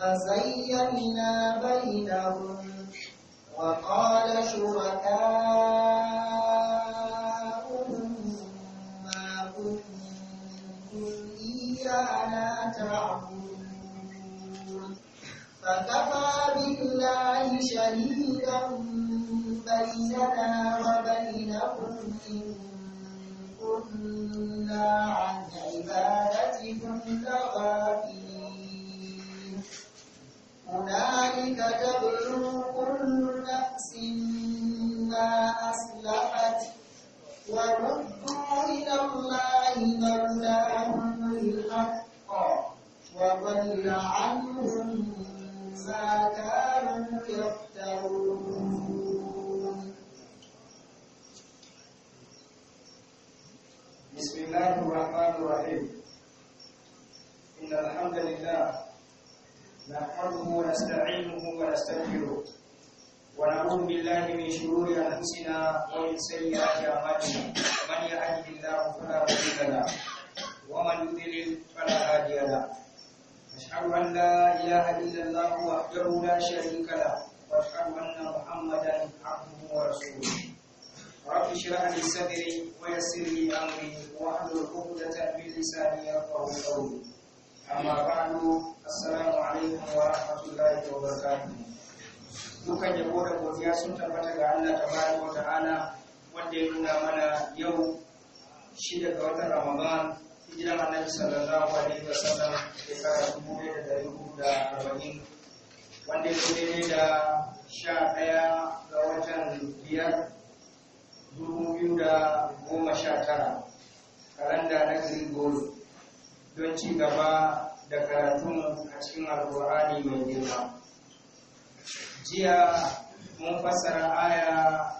فزينا بينهم وقال شركاء shida ga watan Ramadan hijiran Annabi sallallahu alaihi wasallam shekara dubu ɗaya da dari hudu da arba'in wanda ya daidai da sha ɗaya ga watan biyar dubu biyu da goma sha tara kalanda na Gregory don ci gaba da karatun a cikin alkur'ani mai girma jiya mun fassara aya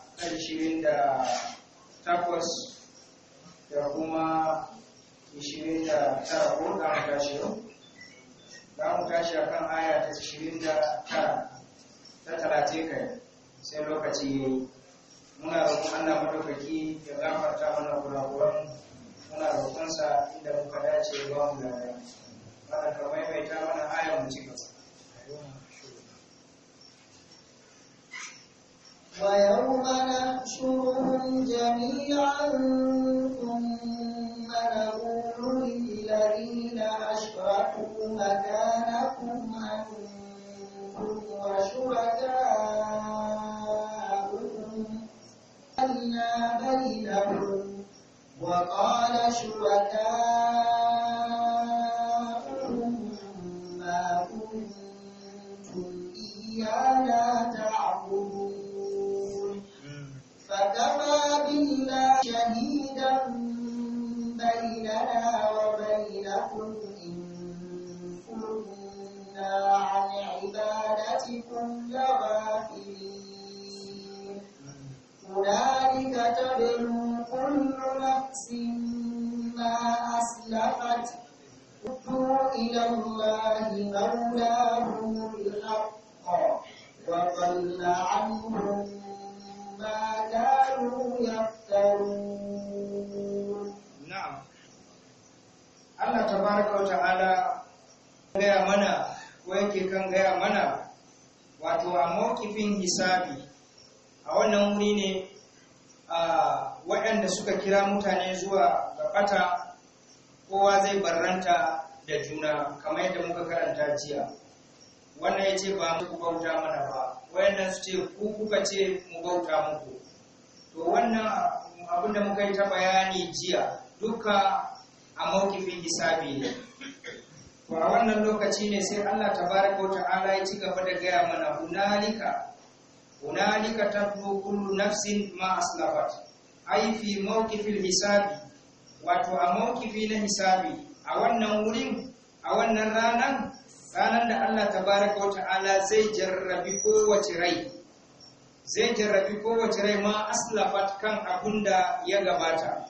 ta 28 da kuma tara ko da mu tashi yau za mu tashi a kan aya ta tara. ta talace kai sai lokaci ya yi muna roƙon Allah madaukaki ya gafarta mana kurakuran muna roƙonsa inda muka dace ba mu da Kada ka maimaita mana aya mu ci gaba ويوم نحشرهم جميعا ثم نقول للذين أشركوا مكانكم أنتم وشركاءكم ألنا بينهم وقال شركاءكم إلى الله مولاهم الحق وضل عنهم ما gaya mana kan gaya mana wato a mawkifin hisabi a wannan wuri ne a waɗanda suka kira mutane zuwa ga ɓata kowa zai barranta da juna kamar yadda muka karanta jiya wannan ya ce ba mu bauta mana ba wayannan su ce ku kuka ce mu bauta muku to wannan abin da muka yi ta bayani jiya duka a maukifin hisabi ne to a wannan lokaci ne sai Allah tabaraka ta'ala ya ci gaba da gaya mana hunalika hunalika tablu kullu nafsin ma aslafat ai fi maukifin hisabi wato a mawkifi na hisabi a wannan wurin a wannan ranan ranan da Allah ta tabaraka wata'ala zai jarrabi kowace rai zai jarrabi kowace rai ma aslafat kan abun da ya gabata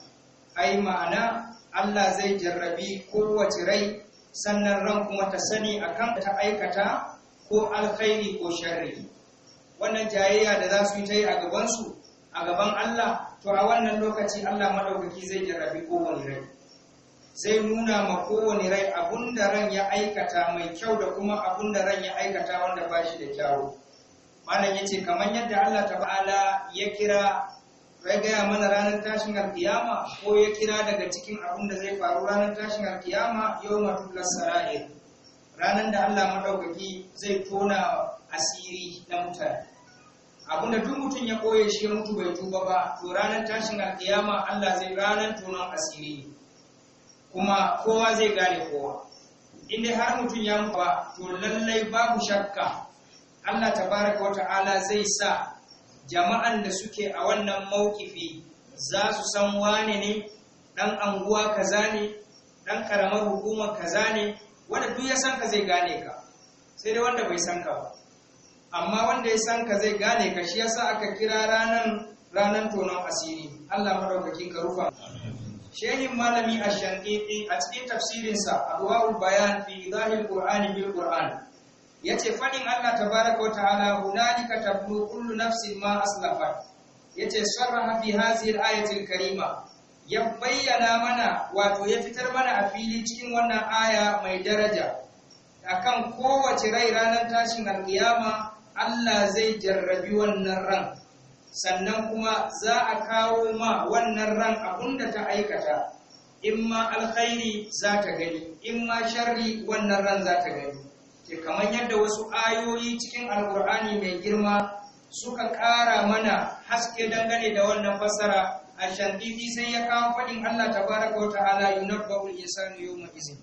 ai ma'ana Allah zai jarrabi kowace rai sannan ran kuma ta sani akan ta aikata ko alkhairi ko sharri wannan jayayya da za su yi ta yi a gabansu a gaban Allah to a wannan lokaci Allah Maɗaukaki zai jarrabi kowane rai zai nuna ma kowane rai abun da ran ya aikata mai kyau da kuma abun da ran ya aikata wanda ba shi da kyau. malam yace kamar yadda Allah ta ba'ala ya kira ya gaya mana ranar tashin alkiyama ko ya kira daga cikin abun da zai faru ranar tashin alkiyama yau matublar sara'ir ranar da Allah maɗaukaki zai tona asiri na mutane da duk mutum ya koye shi ya mutu bai tuba ba to ranar tashin alkiyama Allah zai ranar tonon asiri kuma kowa zai gane kowa inda har mutum ya mutuwa to lallai babu shakka Allah tabaraka wata'ala zai sa jama'an da suke a wannan maukifi za su san wane ne dan anguwa kaza ne dan karamar hukuma kaza ne wanda duk ya san ka zai gane ka sai dai wanda bai san ka ba amma wanda ya san ka zai gane ka shi yasa aka kira ranan ranan tonon asiri Allah madaukakin ka rufa shehin malami a shankiti a cikin tafsirinsa abuwa'ul bayan fi Zahir qur'ani bil qur'an yace fadin Allah hana wa ta'ala hunalika tablu kullu nafsin ma aslafat yace sarraha fi hadhihi al-ayati karima ya bayyana mana wato ya fitar mana a fili cikin wannan aya mai daraja akan kowace rai ranar tashin alkiyama Allah zai jarrabi wannan ran sannan kuma za a kawo ma wannan ran abun da ta aikata in ma alkhairi za ta gani in ma sharri wannan ran za ta gani ke kamar yadda wasu ayoyi cikin alkur'ani mai girma suka ƙara mana haske dangane da wannan fassara a shantifi sai ya kawo faɗin Allah tabaraka wa ta'ala yunabba'ul insanu yawma izin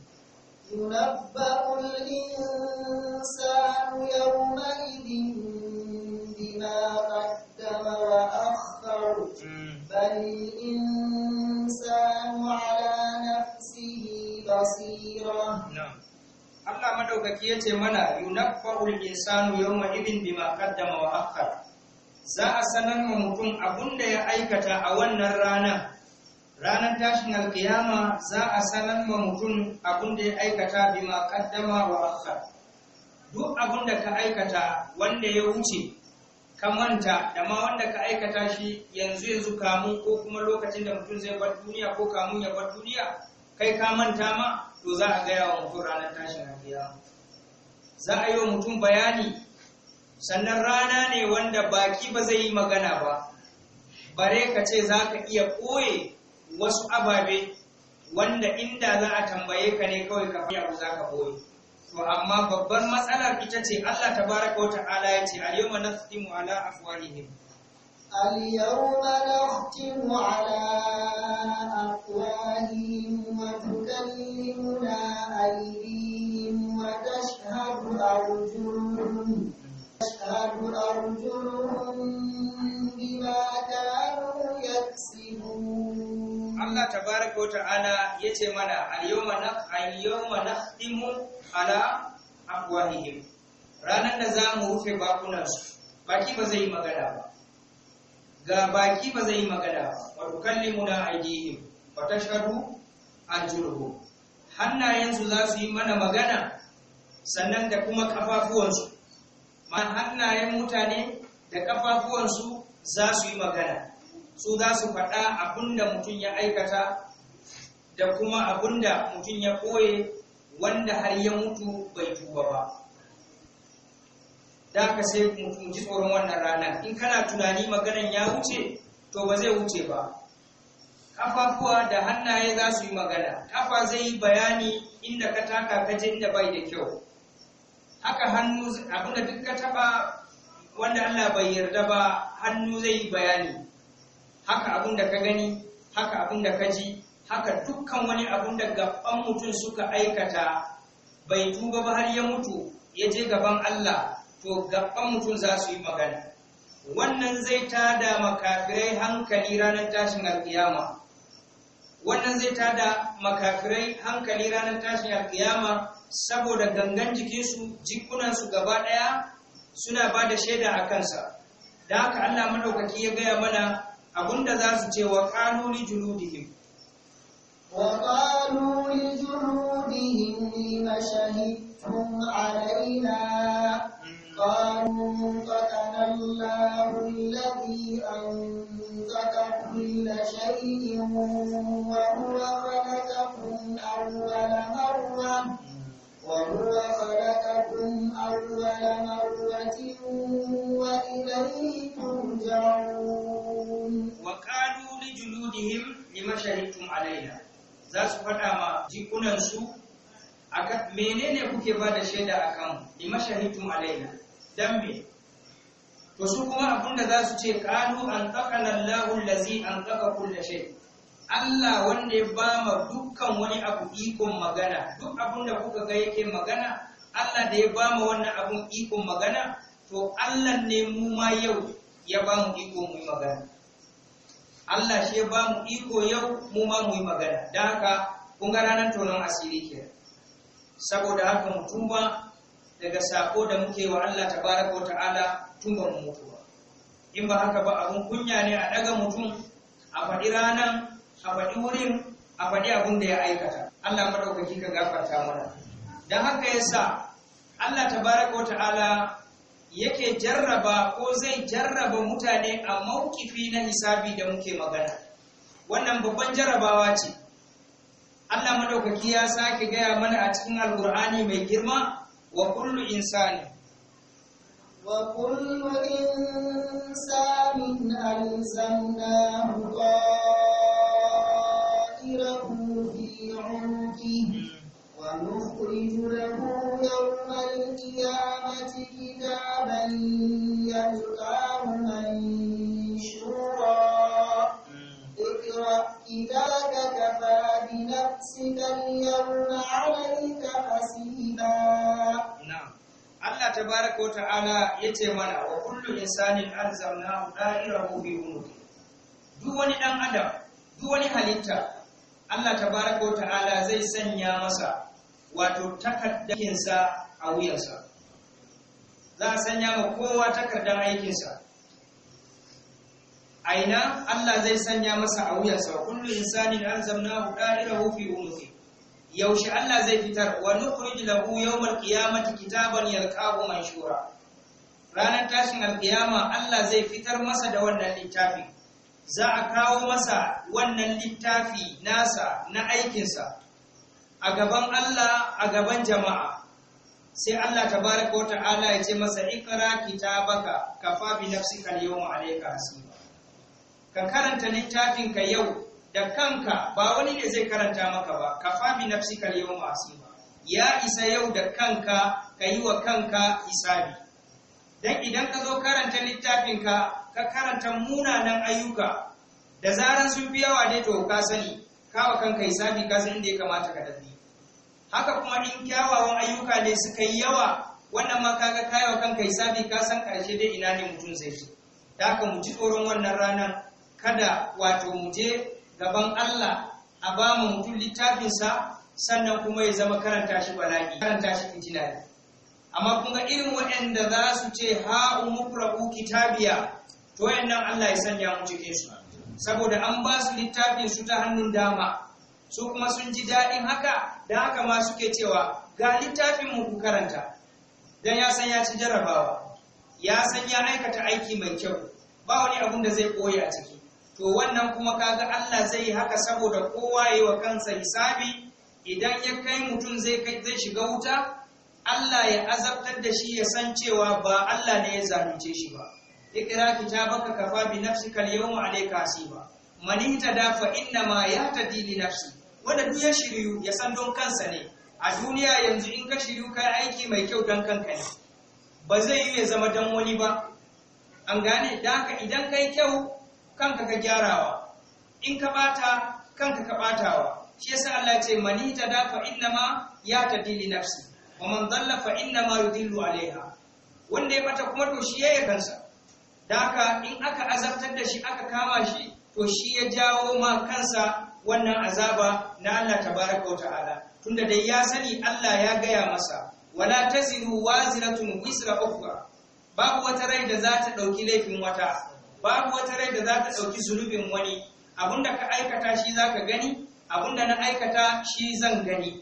yunabba'ul insanu yawma idin bima كما أخفر بل الإنسان على نفسه بصيرة Allah madaukaki ya ce mana yunaffarul insanu yawma idin bima qaddama wa akhar za a sanar ma mutum abunda ya aikata a wannan rana ranar tashin alkiyama za a sanar ma mutum abunda ya aikata bima qaddama wa akhar duk abunda ka aikata wanda ya wuce ka manta da ma wanda ka aikata shi yanzu yanzu kamun ko kuma lokacin da mutum zai bar duniya ko kamun ya bar duniya kai ka manta ma to za a gaya wa mutum ranar tashin alkiyama za a yi wa mutum bayani sannan rana ne wanda baki ba zai yi magana ba bare ka ce za ka iya ɓoye wasu ababe wanda inda za a tambaye ka ne kawai ka fi abu za ka koye to amma babban matsalar ita ce Allah tabaraka wa ta'ala ya ce al-yawma nakhtimu ala afwahihim اليوم نختم على أفواههم وتكلمنا أيديهم ta'ala ya ce mana al-yawma al-yawma nakhtimu ala afwahihim ranar da za mu rufe su, baki ba zai yi magana ba ga baki ba zai yi magana ba wa tukallimuna aydihim wa tashhadu arjuluhum hannayensu za su yi mana magana sannan da kuma kafafuwansu ma hannayen mutane da kafafuwansu za su yi magana su za su faɗa abin da mutum ya aikata da kuma abinda mutum ya koye wanda har ya mutu bai tuba ba da ka sai mutum ji tsoron wannan ranar in kana tunani maganan ya wuce to ba zai wuce ba kafafuwa da hannaye za su yi magana kafa zai yi bayani inda ka taka ka je inda bai da kyau haka hannu abinda duk ka taba wanda Allah bai yarda ba hannu zai yi bayani haka abinda ka gani haka abinda ka ji haka dukkan wani abun da gaban mutum suka aikata bai tuba ba har ya mutu ya je gaban Allah to gaban mutum za su yi magana wannan zai tada makafirai hankali ranar tashin alkiyama wannan zai tada makafirai hankali ranar tashin alkiyama saboda gangan jikinsu jikunansu gaba ɗaya suna ba da shaida a kansa da haka Allah madaukaki ya gaya mana abinda za su ce wa kanuli juludihim وقالوا لجنودهم لم شهدتم علينا قالوا انطقنا الله الذي أنطق كل شيء وهو خلقكم أول مرة وهو خلقكم أول مرة وإليه ترجعون وقالوا لجنودهم لم شهدتم علينا za su faɗa ma jikunansu akan menene kuke ba da shaida akan lima shahidtum alaina don me to su kuma abinda za su ce kanu an taqala Allahu lazi an taqa kulle shai Allah wanda ya ba ma dukkan wani abu ikon magana duk abinda kuka ga yake magana Allah da ya ba ma wannan abun ikon magana to Allah ne mu ma yau ya ba mu ikon mu magana Allah shi ba mu iko yau mu ma mu yi magana da haka kun ga ranar tonon asiri ke saboda haka mu tuba daga sako da muke wa Allah tabaraka wa ta'ala tun ba mu mutu in ba haka ba abun kunya ne a daga mutum a faɗi ranar a faɗi wurin a faɗi abun da ya aikata Allah madaukaki ka gafarta mana dan haka yasa Allah tabaraka wa ta'ala yake jarraba ko zai jarraba mutane a maukifi na hisabi da muke magana wannan babban jarrabawa ce Allah madaukaki ya sake gaya mana a cikin alkur'ani mai girma wa kullu insani wa kullu insanin huwa ta'irahu fi ونخرج له يوم القيامة كتابا يلقاه منشورا اقرأ كتابك كفى بنفسك اليوم عليك حسيبا نعم Allah tabaraka wa ta'ala ya ce mana wa kullu insanin alzamnahu da'irahu bi unuki duk wani dan adam duk wani halitta Allah tabaraka wa ta'ala zai sanya masa wato takardar a wuyansa za a sanya ma kowa takardar aikinsa aina Allah zai sanya masa a wuyansa da kullu insanin alzamnahu da'irahu fi umri yaushe Allah zai fitar wa nukhrij lahu yawmal qiyamati kitaban yalqahu manshura ranar tashin alkiyama Allah zai fitar masa da wannan littafi za a kawo masa wannan littafi nasa na aikinsa a gaban Allah a gaban jama'a sai Allah tabaraka wa ta'ala ya ce masa ikra kitabaka ka bi nafsika al hasiba ka karanta littafin ka yau da kanka ba wani ne zai karanta maka ba kafa bi nafsika hasiba ya isa yau da kanka ka yi wa kanka isabi dan idan ka zo karanta littafin ka ka karanta munanan ayyuka da zaran sun fi yawa dai to ka sani kawa kanka hisabi ka san inda ya kamata ka dafi haka kuma in kyawawan ayyuka ne suka yi yawa wannan ma kaga kayawa kanka hisabi ka san karshe dai ina ne mutum zai je da haka mu ji tsoron wannan ranar kada wato muje gaban Allah a ba mu mutum littafinsa sannan kuma ya zama karanta shi bala'i karanta shi fitina amma kun irin waɗanda za su ce ha umqra'u kitabiya to nan Allah ya sanya mu cikin su saboda an ba su littafin su ta hannun dama su kuma sun ji daɗin haka da haka ma suke cewa ga littafin mu ku karanta dan ya san ya ci jarabawa ya san ya aikata aiki mai kyau ba wani abun da zai koya ciki to wannan kuma kaga Allah zai yi haka saboda kowa yi wa kansa hisabi idan ya kai mutum zai kai zai shiga wuta Allah ya azabtar da shi ya san cewa ba Allah ne ya zalunce shi ba ikra kitabaka kafa bi nafsika al-yawma alayka hasiba man ihtada fa inna ma yahtadi li nafsi wanda duk ya shiryu ya san don kansa ne a duniya yanzu in ka shiryu kai aiki mai kyau don kanka ne ba zai yi ya zama don wani ba an gane da haka idan kai kyau kanka ka gyarawa in ka bata kanka ka batawa shi yasa Allah ya ce man ihtada fa inna ma yahtadi li nafsi wa man dalla fa inna ma yudillu alaiha wanda ya bata kuma to shi yayi kansa Daka in aka azabtar da shi aka kama shi to shi ya jawo ma kansa wannan azaba na Allah tabaraka ta'ala tunda dai ya sani Allah ya gaya masa wala taziru waziratun wisra ukhra babu wata rai da za ta dauki laifin wata babu wata rai da za ta dauki zunubin wani abinda ka aikata shi zaka gani abinda na aikata shi zan gani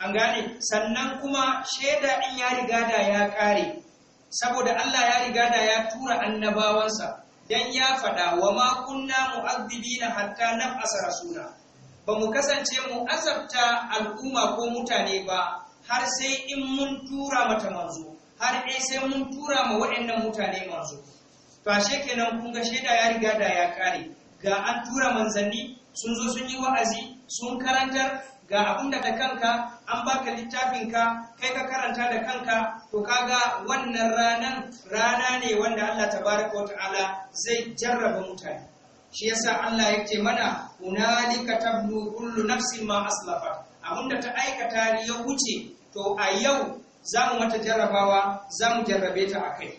an gane sannan kuma shaida in ya riga ya kare saboda Allah ya riga da ya tura annabawansa dan ya faɗa wa ma kunna na hatta nab'asa rasula ba mu kasance mu azabta al'umma ko mutane ba har sai in mun tura mata manzo har dai sai mun tura ma waɗannan mutane manzo to ashe kenan kun ga shaida ya riga da ya kare ga an tura manzanni sun zo sun yi wa'azi sun karantar ga abin da kanka an baka littafin ka kai ka karanta da kanka to kaga wannan ranan rana ne wanda Allah tabaraka wa ta'ala zai jarraba mutane shi yasa Allah yake mana unalika tablu kullu nafsin ma aslafa abinda ta aikata ya wuce to a yau za mu mata jarrabawa za mu jarrabe ta a kai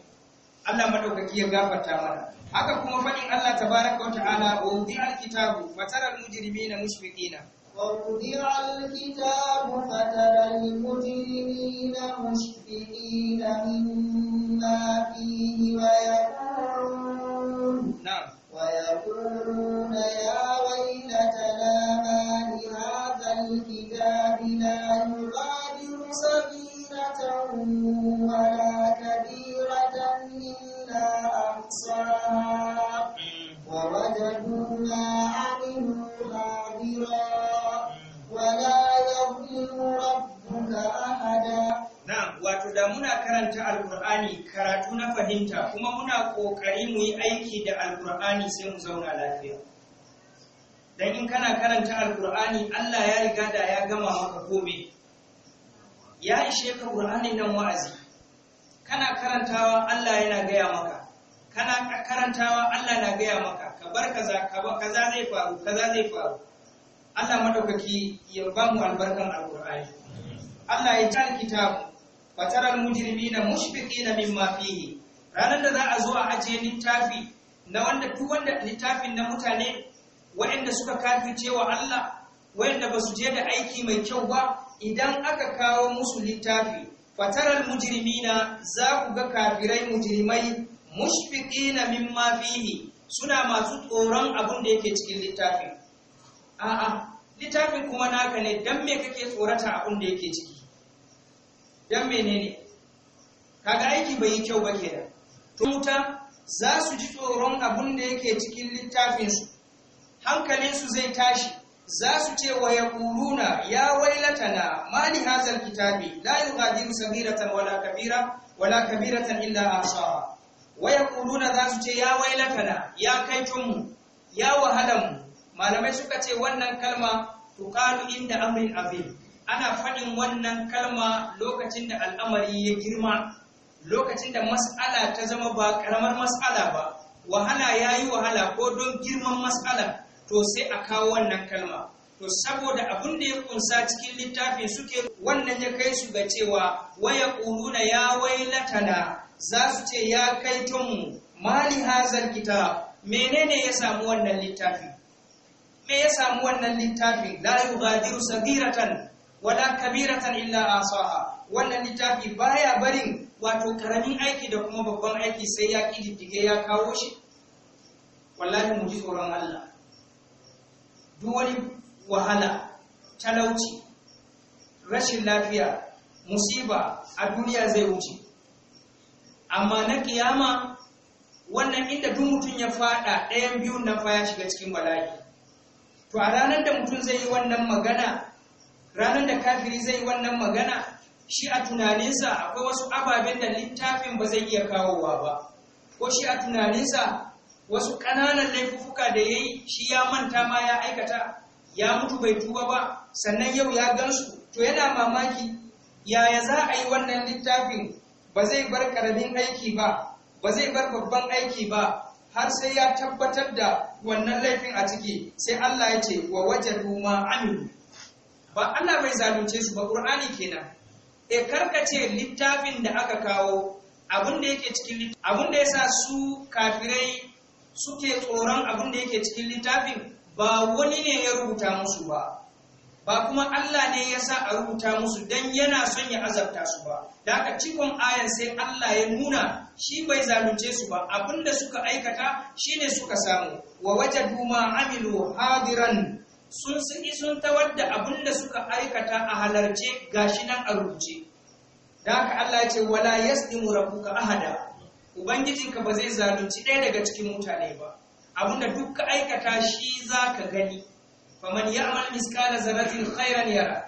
Allah madaukaki ya gafarta mana haka kuma faɗin Allah tabaraka wa ta'ala wa wudi'al alkitabu fataral mujrimina mushfiqina وَرُجِعَ الْكِتَابُ فَتَرَى الْمُجْرِمِينَ مُشْفِقِينَ مِمَّا فِيهِ وَيَقُولُونَ نعم وَيَقُولُونَ يَا وَيْلَتَنَا مَا لِهَذَا الْكِتَابِ لَا يُغَادِرُ صَغِيرَةً وَلَا كَبِيرَةً إِلَّا أَحْصَاهَا وَوَجَدُوا مَا muna karanta alkur'ani karatu na fahimta kuma muna ƙoƙari mu yi aiki da alkur'ani sai mu zauna lafiya dan in kana karanta alkur'ani Allah ya riga da ya gama maka komai ya ishe ka qur'anin nan wa'azi kana karantawa Allah yana gaya maka kana karantawa Allah na gaya maka ka bar kaza ka bar kaza zai faru kaza zai faru Allah madaukaki ya ba mu albarkan alkur'ani Allah ya ta kitabu fataral mujrimina mushfiqina mimma fihi ranar da za a zo a ajiye littafi na wanda duk wanda littafin na mutane waɗanda suka kafi cewa Allah waɗanda ba su je da aiki mai kyau ba idan aka kawo musu littafi fataral mujrimina za ku ga kafirai mujrimai mushfiqina mimma fihi suna masu tsoron abin da yake cikin littafin a'a littafin kuma naka ne dan me kake tsorata abin da yake ciki Idan menene kaga aiki bai yi kyau ba kenan to wuta za su ji tsoron abin da yake cikin littafinsu su zai tashi za su ce wa ya kuruna ya wailatana mali hazar kitabi la yughadiru sabiratan wala kabira wala kabiratan illa ahsaha wa ya kuruna za su ce ya wailatana ya kai mu, ya wahalanmu malamai suka ce wannan kalma tukalu inda amrin abin. ana faɗin wannan kalma lokacin da al'amari ya girma lokacin da mas'ala ta zama ba karamar mas'ala ba wahala ya yi wahala ko don girman mas'ala to sai a kawo wannan kalma to saboda abin da ya kunsa cikin littafin suke wannan ya kai su ga cewa waya ƙuluna ya wailatana za su ce ya kai tunmu mali hazar kita menene ya samu wannan littafin? me ya samu wannan littafi la yughadiru sagiratan wala kabiratan illa asaha wannan littafi baya barin wato karamin aiki da kuma babban aiki sai ya kididdige ya kawo shi wallahi mu ji tsoron Allah duk wani wahala talauci rashin lafiya musiba a duniya zai wuce amma na kiyama wannan inda duk mutum ya fada ɗayan biyun nan fa ya shiga cikin bala'i to a ranar da mutum zai yi wannan magana ranar da kafiri zai wannan magana shi a tunaninsa akwai wasu ababen da littafin ba zai iya kawowa ba ko shi a tunaninsa wasu ƙananan laifuka da ya yi shi ya manta ma ya aikata ya mutu bai tuba ba sannan yau ya gansu to yana mamaki yaya za a yi wannan littafin ba zai bar ƙaramin aiki ba ba zai bar babban aiki ba har sai ya tabbatar da wannan laifin a ciki sai Allah ya ce wa wajen ruma Amin. ba Allah bai zalunce su ba Qur'ani kenan e karkace littafin da aka kawo abin da yake cikin abin da yasa su kafirai suke tsoron abin da yake cikin littafin ba wani ne ya rubuta musu ba ba kuma Allah ne ya sa a rubuta musu dan yana son ya azabta su ba da haka cikon ayan sai Allah ya nuna shi bai zalunce su ba abinda suka aikata shine suka samu wa wajadu ma amilu hadiran sun saki sun tawar da abin da suka aikata a halarce gashi nan a rubuce da haka Allah ya ce wala yasdimu rabbuka ahada ubangijinka ba zai zalunci ɗaya daga cikin mutane ba abinda duk ka aikata shi zaka gani faman ya'mal miskala zarratin khairan yara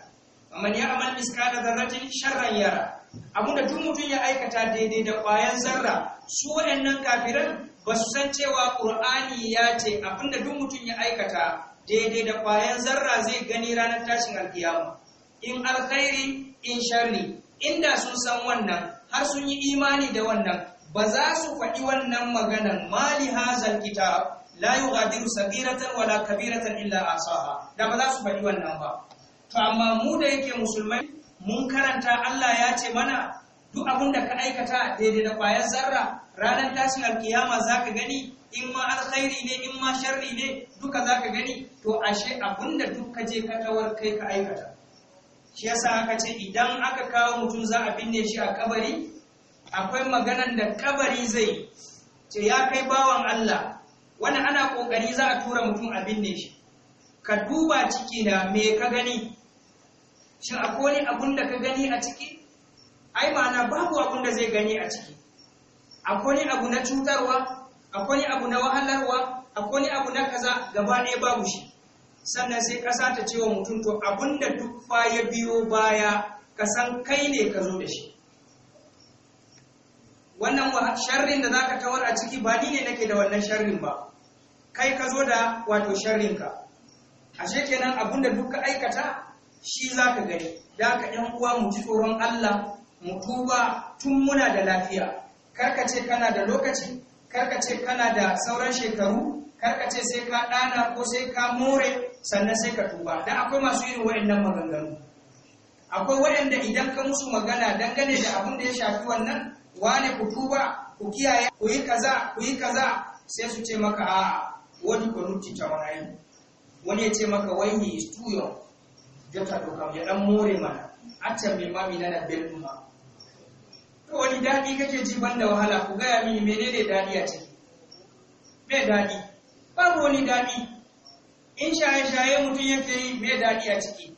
faman ya'mal miskala zarratin sharran yara abinda duk mutum ya aikata daidai da ƙwayan zarra su waɗannan kafiran ba su san cewa ƙur'ani ya ce abinda duk mutum ya aikata daidai da kwayan zarra zai gani ranar tashin alkiyama in alkhairi in sharri inda sun san wannan har sun yi imani da wannan ba za su faɗi wannan maganan mali hazal kitab la yughadiru sagiratan wala kabiratan illa asaha da ba za su faɗi wannan ba to amma mu da yake musulmai mun karanta Allah ya ce mana duk abin da ka aikata daidai da kwayan zarra ranar tashin alkiyama za ka gani in ma alkhairi ne in ma sharri ne duka za ka gani to ashe abin da duk ka je ka kai ka aikata shi yasa aka ce idan aka kawo mutum za a binne shi a kabari akwai maganan da kabari zai ce ya kai bawan Allah wani ana kokari za a tura mutum a binne shi ka duba ciki na me ka gani shin akwai abun da ka gani a ciki ai ma'ana babu abun da zai gani a ciki akwai abu na cutarwa akwai abu na wahalarwa akwai abu na kaza gaba ɗaya babu shi sannan sai ƙasa ta ce wa mutum to abun da duk fa ya biyo baya ka san kai ne ka zo da shi wannan sharrin da zaka kawar a ciki ba ni ne nake da wannan sharrin ba kai ka zo da wato sharrin ka. ashe kenan abun da duk ka aikata shi zaka gani da ka yan uwa mu ji tsoron Allah mu tuba tun muna da lafiya karkace kana da lokaci karkace kana da sauran shekaru karkace sai ka ɗana ko sai ka more sannan sai ka tuba don akwai masu irin waɗannan maganganu akwai waɗanda idan ka musu magana dangane da abin da ya shafi wannan wane ku tuba ku kiyaye ku yi kaza ku yi kaza sai su ce maka a wani kwanuti ta wani wani ya ce maka wai he is too young jota dokam ya dan more mana a can mai mami na na ma to wani daɗi kake ji banda wahala ku gaya mini menene daɗi a ciki me daɗi babu wani daɗi in shaye-shaye mutum yake yi me daɗi a ciki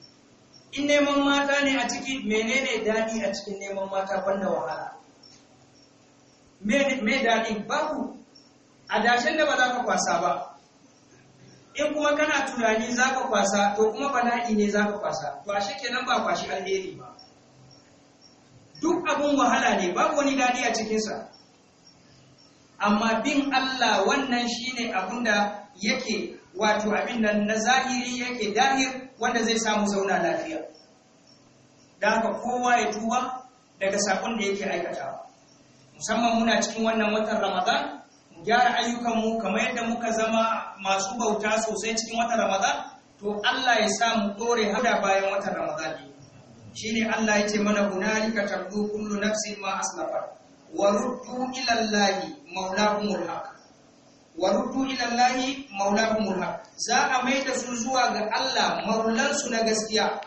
in neman mata ne a ciki menene daɗi a cikin neman mata banda wahala me daɗi babu a dashen da ba za ka kwasa ba in kuma kana tunani za ka kwasa to kuma bala'i ne za ka kwasa to a kenan ba kwashi alheri ba duk abun wahala ne babu wani daɗi a cikinsa amma bin Allah wannan shine abunda da yake wato abin nan na zahiri yake dahir wanda zai samu zauna lafiya da haka kowa ya tuba daga sakon da yake aikatawa musamman muna cikin wannan watan ramadan mu gyara ayyukanmu kamar yadda muka zama masu bauta sosai cikin watan ramadan to Allah ya sa mu dore hada bayan watan ramadan shine Allah ce mana hunalika tabdu kullu nafsin ma asnafa wa ruddu ila Allah maulahumul haq wa ruddu ila Allah maulahumul haq za a maida su zuwa ga Allah su na gaskiya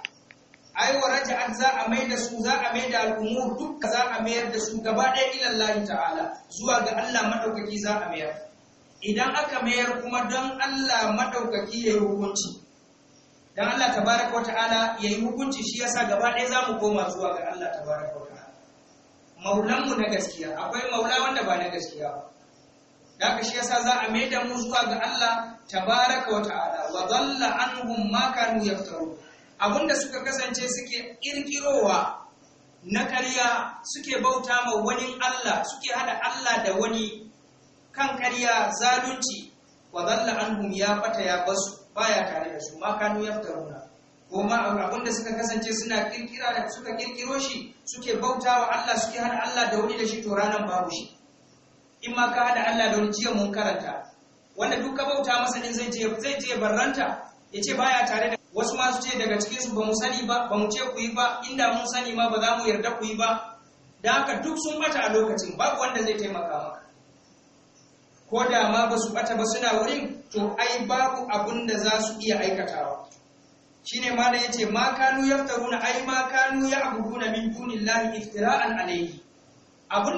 ai wa raja'at za a maida su za a maida al'umur dukka za a mayar da su gaba ɗaya ila ta'ala zuwa ga Allah madaukaki za a mayar idan aka mayar kuma don Allah madaukaki ya yi hukunci dan Allah tabaraka ta'ala yayi hukunci shi yasa gaba ɗaya zamu koma zuwa ga Allah tabaraka ta'ala maulan mu na gaskiya akwai maula wanda ba na gaskiya ba dan shi yasa za a maida mu zuwa ga Allah tabaraka ta'ala wa dhalla anhum ma kanu yaftaru abinda suka kasance suke kirkirowa na ƙarya suke bauta ma wani Allah suke hada Allah da wani kan ƙarya zalunci wa dhalla anhum ya fata ya basu baya tare da su ma kanu yaftaruna ko ma da suka kasance suna kirkira da suka kirkiro shi suke bautawa Allah suke hada Allah da wani da shi to ranan babu shi in ma ka hada Allah da wani jiya mun karanta wanda duk ka bauta masa din zai je zai je barranta yace baya tare da wasu ma su ce daga cikin su mu sani ba ba mu ce ku yi ba inda mun sani ma ba za mu yarda ku yi ba da haka duk sun bata a lokacin babu wanda zai taimaka maka ko da ma ba su bata ba suna wurin to ai babu abun da za su iya aikatawa shine malam yace ma kanu yaftaruna ai ma kanu ya'buduna min dunillahi iftira'an alayhi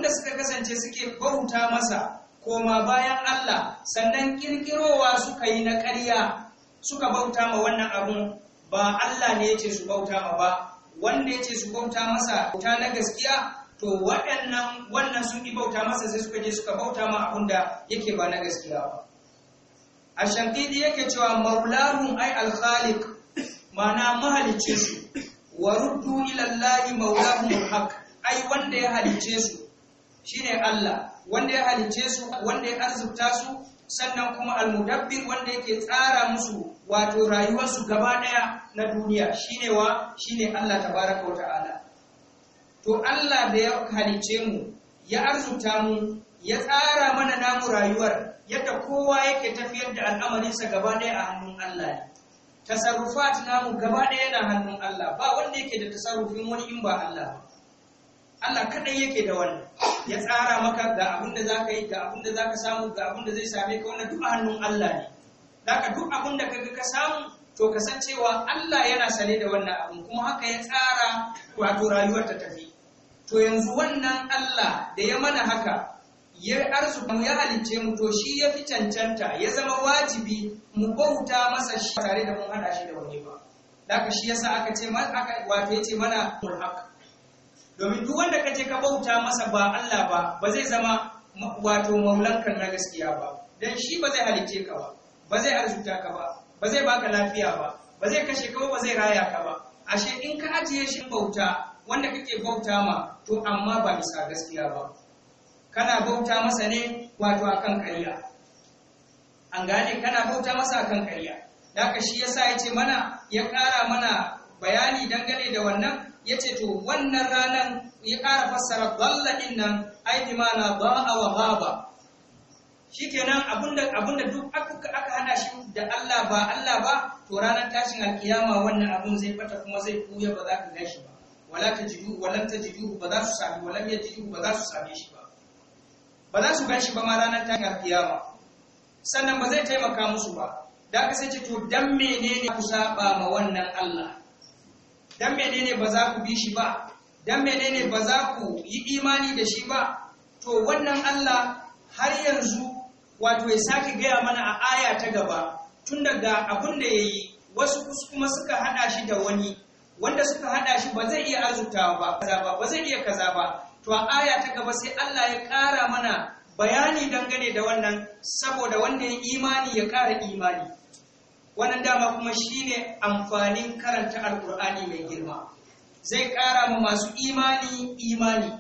da suka kasance suke bauta masa koma bayan Allah sannan kirkirowa suka yi na ƙarya suka bauta ma wannan abun ba Allah ne yace su bauta ma ba wanda ce su bauta masa bauta na gaskiya to waɗannan wannan sun yi bauta masa sai suka je suka bauta ma abin da yake ba na gaskiya ba a shantidi yake cewa maulahun ai alkhaliq ma'ana mahalicce su wa ruddu ila allahi maulahum ai wanda ya halicce su shine Allah wanda ya halicce su wanda ya arzuta su sannan kuma almudabbir wanda yake tsara musu wato rayuwarsu gaba daya na duniya shine wa shine Allah tabaraka wa ta'ala to Allah da ya halice mu ya arzuta mu ya tsara mana namu rayuwar yadda kowa yake tafiyar da al'amarinsa gaba ɗaya a hannun Allah ne tasarrufat namu gaba ɗaya yana hannun Allah ba wanda yake da tasarrufin wani in ba Allah Allah kaɗai yake da wannan ya tsara maka ga abin da zaka yi ga abin da zaka samu ga abin da zai same ka wannan duk hannun Allah ne zaka duk abin da kaga ka samu to kasancewa Allah yana sane da wannan abin kuma haka ya tsara wato rayuwar ta tafi to yanzu wannan Allah da ya mana haka ya arzu mu ya halicce mu to shi ya fi cancanta ya zama wajibi mu bauta masa shi tare da mun hada shi da wani ba daga shi yasa aka ce man aka wato yace mana mulhaq domin duk wanda kace ka bauta masa ba Allah ba ba zai zama wato maulanka na gaskiya ba dan shi ba zai halicce ka ba ba zai arzuta ka ba ba zai baka lafiya ba ba zai kashe ka ba zai raya ka ba ashe in ka ajiye shi bauta wanda kake bauta ma to amma ba bisa gaskiya ba kana bauta masa ne wato akan ƙarya an gane kana bauta masa akan ƙarya ka shi yasa yace mana ya ƙara mana bayani dangane da wannan yace to wannan ranan ya ƙara fassara dalla din nan ai bi mana da'a wa ghaba shikenan abunda abunda duk aka aka hada shi da Allah ba Allah ba to ranar tashin alkiyama wannan abun zai fata kuma zai kuya ba za ka gashi ba wala ta Wala ta tajidu ba za su sami Wala walam yajidu ba za su sami shi ba ba za su ganshi ba ma ranar ta kiyama sannan ba zai taimaka musu ba da aka sai ce to dan menene ku saba ma wannan Allah dan menene ba za ku bi shi ba dan menene ba za ku yi imani da shi ba to wannan Allah har yanzu wato ya sake gaya mana a aya ta gaba tun daga abin da ya yi wasu kuma suka hada shi da wani wanda suka haɗa shi ba zai iya arzutawa ba kaza ba ba zai iya kaza ba to a aya ta gaba sai Allah ya ƙara mana bayani dangane da wannan saboda wanda ya imani ya ƙara imani wannan dama kuma shine amfanin karanta alkur'ani mai girma zai ƙara ma masu imani imani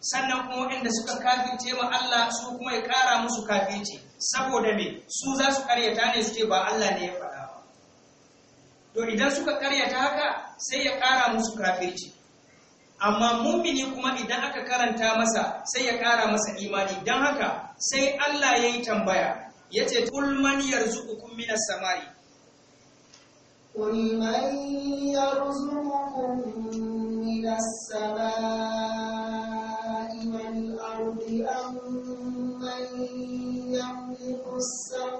sannan kuma waɗanda suka kafirce ma Allah su kuma ya ƙara musu kafirce saboda me su za su karyata ne su ce ba Allah ne ya faɗa ba to idan suka karyata haka sai ya ƙara musu kafirci amma mumini kuma idan aka karanta masa sai ya ƙara masa imani don haka sai Allah ya yi tambaya ya ce ƙulman yarzuƙukun minas samari ƙulman minas samari wal ardi amman yamliku samari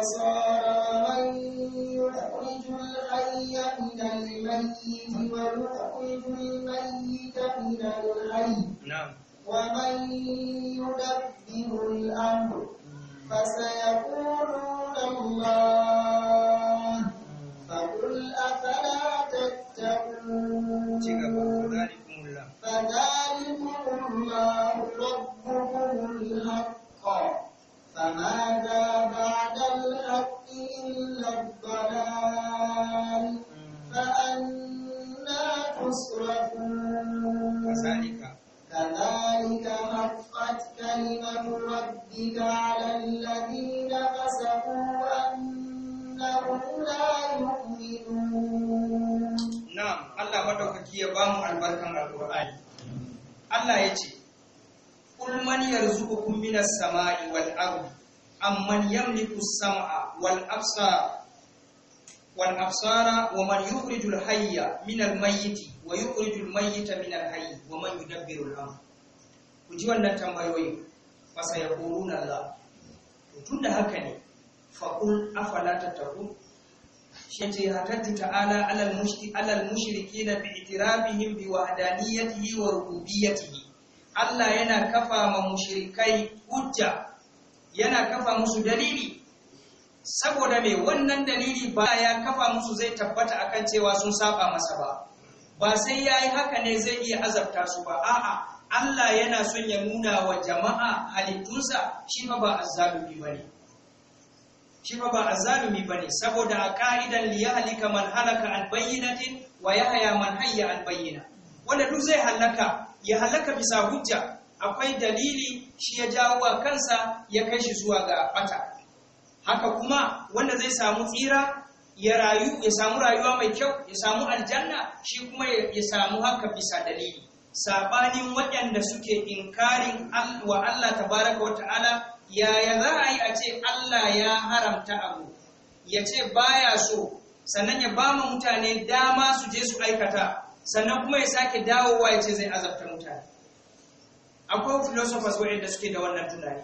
النصارى من يخرج الحي من الميت ويخرج الميت من الحي ومن يدبر الأمر فسيقولون الله فقل أفلا تتقون فذلكم الله الذين فسقوا أنهم لا يؤمنون نعم الله مدوكك يبام البركة القرآن الله يجي قل من يرزقكم من السماء والأرض أم من يملك السمع والأبصار والأبصار ومن يخرج الحي من الميت ويخرج الميت من الحي ومن يدبر الأمر ku ji wannan tambayoyi fasa ya koruna Allah Tunda haka ne faƙul afala ta shi ce ta'ala alal mushti alal mushriki na bi itirafihim bi wahdaniyatihi wa rububiyyatihi Allah yana kafa ma mushrikai hujja yana kafa musu dalili saboda me wannan dalili ba ya kafa musu zai tabbata akan cewa sun saba masa ba ba sai yayi haka ne zai iya azabta su ba a'a Allah yana son ya nuna wa jama'a halittunsa shi ba azzalumi bane shi ba azzalumi saboda a ka'idan li yahlika man halaka an bayyinatin wa yahya man hayya an bayyina wanda duk zai halaka ya halaka bisa hujja akwai dalili shi ya jawo wa kansa ya kai shi zuwa ga fata haka kuma wanda zai samu tsira ya rayu ya samu rayuwa mai kyau ya samu aljanna shi kuma ya samu haka bisa dalili sabanin waɗanda suke inkarin wa Allah tabaraka wa ta'ala yaya za a yi a ce Allah ya haramta abu ya ce baya so sannan ya ba mu mutane dama su je su aikata sannan kuma ya sake dawowa ya ce zai azabta mutane akwai philosophers waɗanda suke da wannan tunani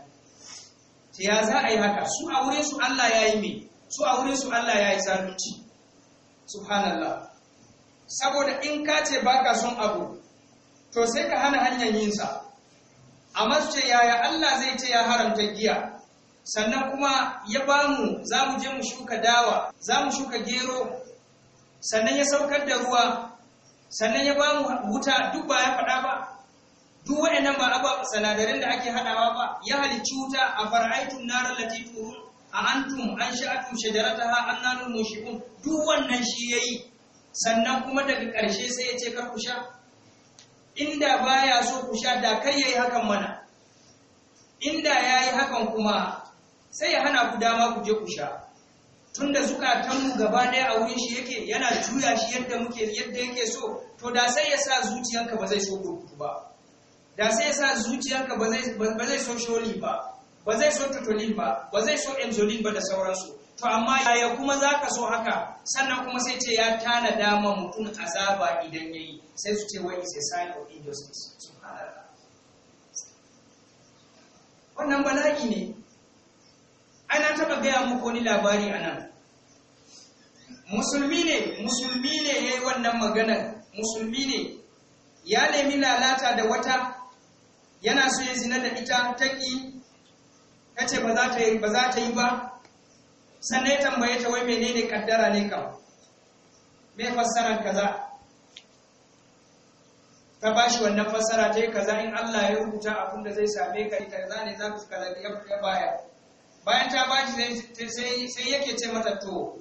ta ya za a yi haka su a wurin su Allah ya yi me su a wurin su Allah ya yi zalunci subhanallah saboda in ka ce baka son abu to sai ka hana hanyar yin sa amma yaya Allah zai ce ya haramta giya sannan kuma ya bamu za mu je mu shuka dawa za mu shuka gero sannan ya saukar da ruwa sannan ya bamu wuta duk ba ya faɗa ba duk waɗannan ba abu sanadarin da ake haɗawa ba ya halicci wuta a fara'aitun narar an turun a antum an sha'atu ha an nanu mushibun duk wannan shi ya yi. sannan kuma daga ƙarshe sai ya ce kar ku sha inda baya so ku sha da kai yayi hakan mana inda yayi hakan kuma sai ya hana ku dama ku je ku sha tunda zukatanmu gaba ɗaya a wurin shi yake yana juya shi yadda muke yadda yake so to da sai ya sa zuciyanka ba zai so ku ba da sai ya sa zuciyanka ba zai so sholi ba ba zai so tutolin ba ba zai so enzolin ba da sauransu to amma yaya kuma za ka so haka sannan kuma sai ce ya tana dama mutum azaba idan ya yi sai su ce wani sai sign of injustice subhanallah wannan bala'i ne Ai ana taɓa gaya muku wani labari a nan musulmi ne musulmi ne ya yi wannan maganar musulmi ne ya nemi lalata da wata yana so ya zina da ita taƙi ta ce ba za ta yi ba sannan ya tambaye ta wai menene kaddara ne kam me fassarar kaza ta ba shi wannan fassara ta yi kaza in Allah ya rubuta abin da zai same ka ita, kaza ne za ka kaza ya baya bayan ta ba shi sai yake ce mata to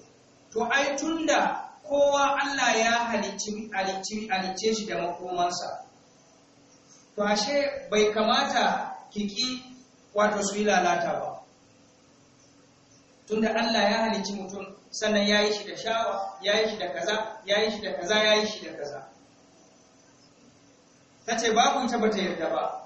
to ai tunda kowa Allah ya halicce shi da makomansa to ashe bai kamata kiki wato su yi lalata ba tunda Allah ya halicci mutum sannan ya yi shi da shawa ya yi shi da kaza ya yi shi da kaza ya yi shi da kaza ta ce babu ita ba ta yarda ba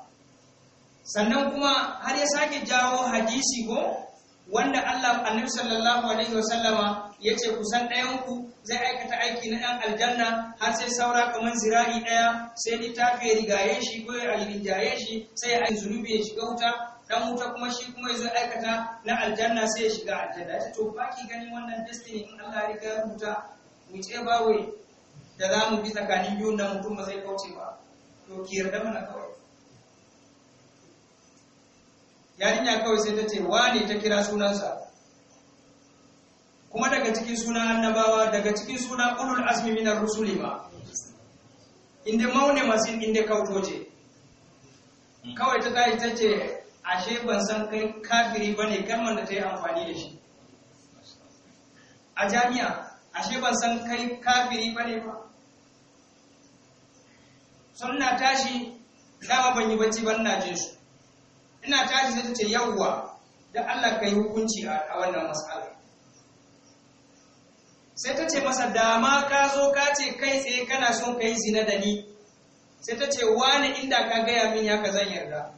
sannan kuma har ya sake jawo hadisi ko wanda Allah annabi sallallahu alaihi wasallama ya ce kusan ɗayanku zai aikata aiki na ɗan aljanna har sai saura kamar zira'i ɗaya sai ni ta fiye rigaye shi ko ya rinjaye shi sai ya zunubi ya shiga wuta dan wuta kuma shi kuma zai aikata na aljanna sai ya shiga aljanna ya to ba gani wannan destiny in Allah ya riga ya rubuta ce ba wai da za mu bi tsakanin biyun da mutum ba zai kauce ba to ki yarda mana kawai yarinya kawai sai ta ce wane ta kira sunansa kuma daga cikin sunan annabawa daga cikin suna ulul azmi minar rusuli ma inda maune masu inda kautoje kawai ta tashi ta ce ashe ban san kai kafiri bane kalmar da ta yi amfani da shi a jami'a ashe ban san kai kafiri bane ba sunna tashi dama ban yi bacci ban na jin su ina tashi zai ce yawwa da Allah kai hukunci a wannan mas'ala sai ta ce masa dama ka zo ka ce kai tsaye kana son kai zina da ni sai ta ce wani inda ka gaya min ya ka zan yarda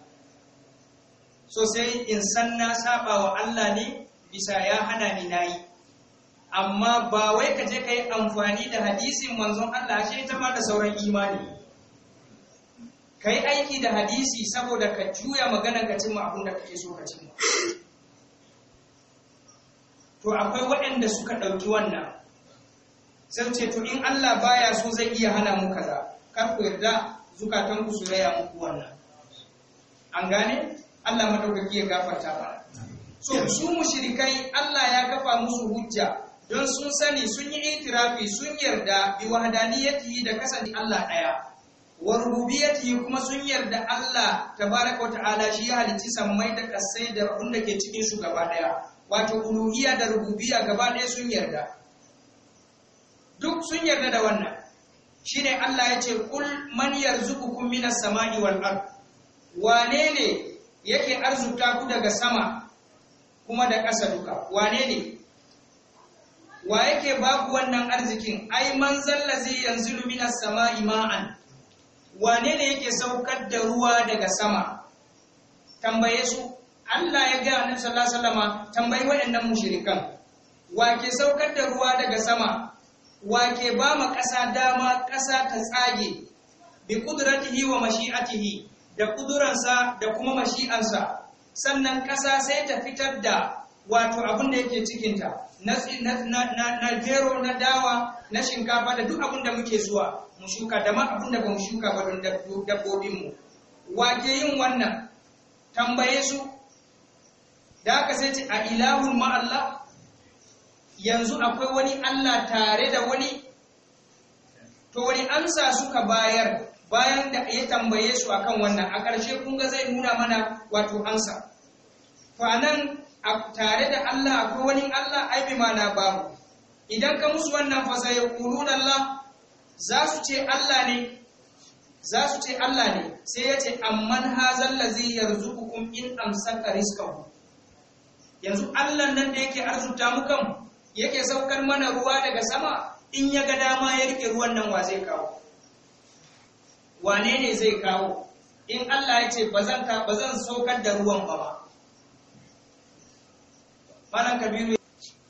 so sai in san na saba wa Allah ne bisa ya hana ni nayi amma ba wai ka je ka yi amfani da hadisin manzon Allah shi ta ma da sauran imani kai aiki da hadisi saboda ka juya maganar ka cimma abin da kake so ka cimma to akwai waɗanda suka ɗauki wannan sai ce to in Allah baya so zai iya hana mu kaza kar ku yarda zukatan ku su raya muku wannan an gane Allah madaukaki ya gafarta ba. so su mushrikai Allah ya kafa musu hujja don sun sani sun yi itirafi sun yarda bi yi, da kasance Allah ɗaya wa rububiyyati kuma sun yarda Allah tabaraka Ta'ala shi ya halicci sammai da kasai da wanda ke cikin su gaba daya wato uluhiyya da rububiyya gaba daya sun yarda duk sun yarda da wannan shine Allah ya ce kul man yarzuqukum minas sama'i wal ard wane ne yake arzuta ku daga sama kuma da ƙasa duka wane ne wa yake babu wannan arzikin ai man zallazi yanzilu minas sama'i ma'an wane ne yake saukar da ruwa daga sama tambaye su Allah ya gaya annabi sallallahu alaihi wasallam tambayi waɗannan mushrikan wa ke saukar da ruwa daga sama wa ke ba ma ƙasa dama ƙasa ta tsage bi qudratihi wa mashi'atihi da kuduransa da kuma mashi'ansa sannan ƙasa sai ta fitar da wato abin da yake cikinta na gero na dawa na shinkafa da duk abin da muke zuwa mu shuka da ma abin da ba mu shuka ba don dabbobinmu wake yin wannan tambaye su da aka sai ce a ilahun ma'allah yanzu akwai wani allah tare da wani to wani amsa suka bayar bayan da ya tambaye su akan wannan a ƙarshe kun zai nuna mana wato amsa to anan tare da Allah ko wani Allah ai bi mana babu idan ka musu wannan fa sai yaquluna Allah za su ce Allah ne za su ce Allah ne sai ya ce amman hazal ladzi yarzuqukum in amsaka rizqahu yanzu Allah nan da yake arzuta mu kan yake saukar mana ruwa daga sama in ya ga dama ya rike ruwan nan wa zai kawo wane ne zai kawo in Allah ya ce bazan ka bazan saukar da ruwan ba ba malam kabiru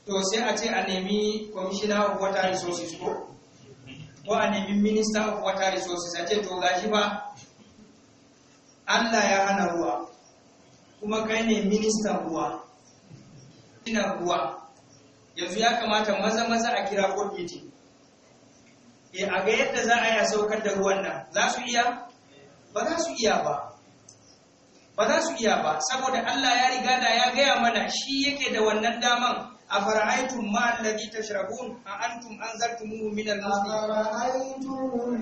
to sai a ce a nemi commissioner of water resources ko ko a nemi minister of water resources a ce to gashi ba Allah ya hana ruwa kuma kai ne minister ruwa ina ruwa yanzu ya kamata maza maza a kira court meeting e a ga yadda za a yi a saukar da ruwan nan za su iya ba za su iya ba ba za su iya ba saboda Allah ya riga da ya gaya mana shi yake da wannan daman a fara'aitum ma ta tashrabun a antum anzartumuhu min al-musli fara'aitum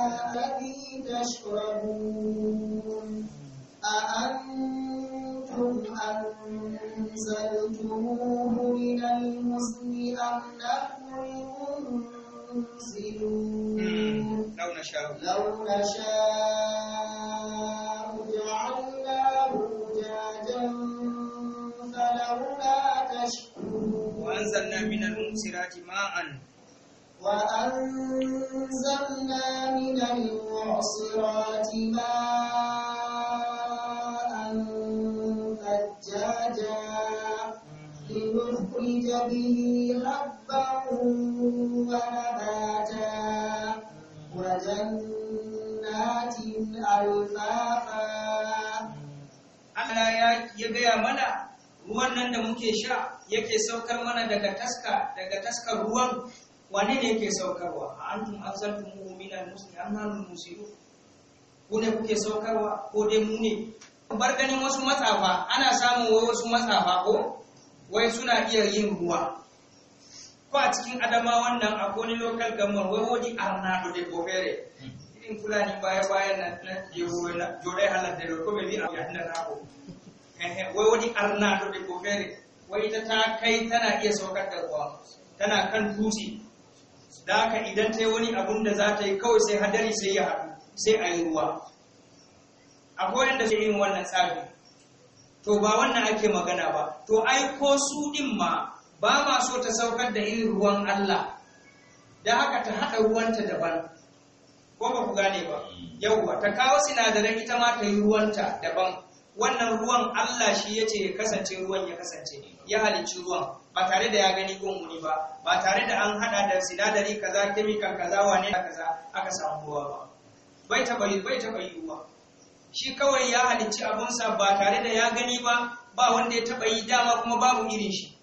ma ta tashrabun a antum anzartumuhu min al-musli am nahnu al-munzilun hmm, law nasha'u law nasha'u وأنزلنا من المعصرات ماء ثجاجا لنخرج به حبا ونباتا وجنات ألفافا Allah ya gaya mana ruwan nan da muke sha yake saukar mana daga taska daga taskar ruwan wane ne yake saukarwa a antum anzaltumuhu min al-musli am nahnu musilu ku ne kuke saukarwa ko dai mu ne bar ganin wasu matsafa ana samun wai wasu matsafa ko wai suna iya yin ruwa ko a cikin adama wannan a kone local government wai wodi arnado de bofere irin fulani baya baya na na jore halar da ko bai a yahinar rabo wai wodi arnado de bofere wai ita ta kai tana iya saukar da ruwa tana kan dutse da haka idan ta yi wani abun da za ta yi kawai sai hadari sai ya haɗu sai a yi ruwa akwai wanda ke yi wannan tsarin to ba wannan ake magana ba to ai ko su ɗin ma ba ma so ta saukar da irin ruwan Allah da haka ta haɗa ruwanta daban ko ba ku gane ba yauwa ta kawo sinadarai ita ma ta yi ruwanta daban wannan ruwan Allah shi ya ce ya kasance ruwan ya kasance ya halicci ruwan ba tare da ya gani gun wani ba ba tare da an hada da sinadari kaza kemikan kaza wane kaza aka samu kowa ba bai taba bai taba yiwuwa shi kawai ya halicci abun sa ba tare da ya gani ba ba wanda ya taba yi dama kuma babu irin shi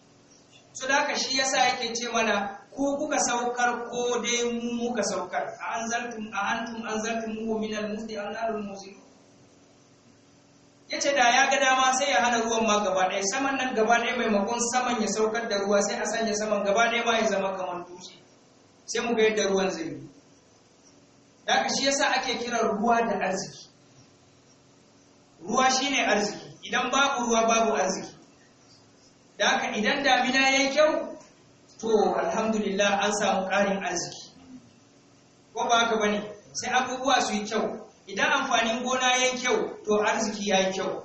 so da haka shi yasa yake ce mana ko kuka saukar ko dai mu muka saukar a anzaltum a antum anzaltum min al-musti an al-musil yace da ya ga dama sai ya hana ruwan ma gaba ɗaya saman nan gaba ɗaya maimakon saman ya saukar da ruwa sai a sanya saman gaba ɗaya ma ya zama kamar dutse sai mu ga yadda ruwan zai yi daga shi yasa ake kiran ruwa da arziki ruwa shine arziki idan babu ruwa babu arziki haka idan damina ya yi kyau to alhamdulillah an samu ƙarin arziki ko ba haka bane sai abubuwa su yi kyau idan amfanin gona ya kyau to arziki ya yi kyau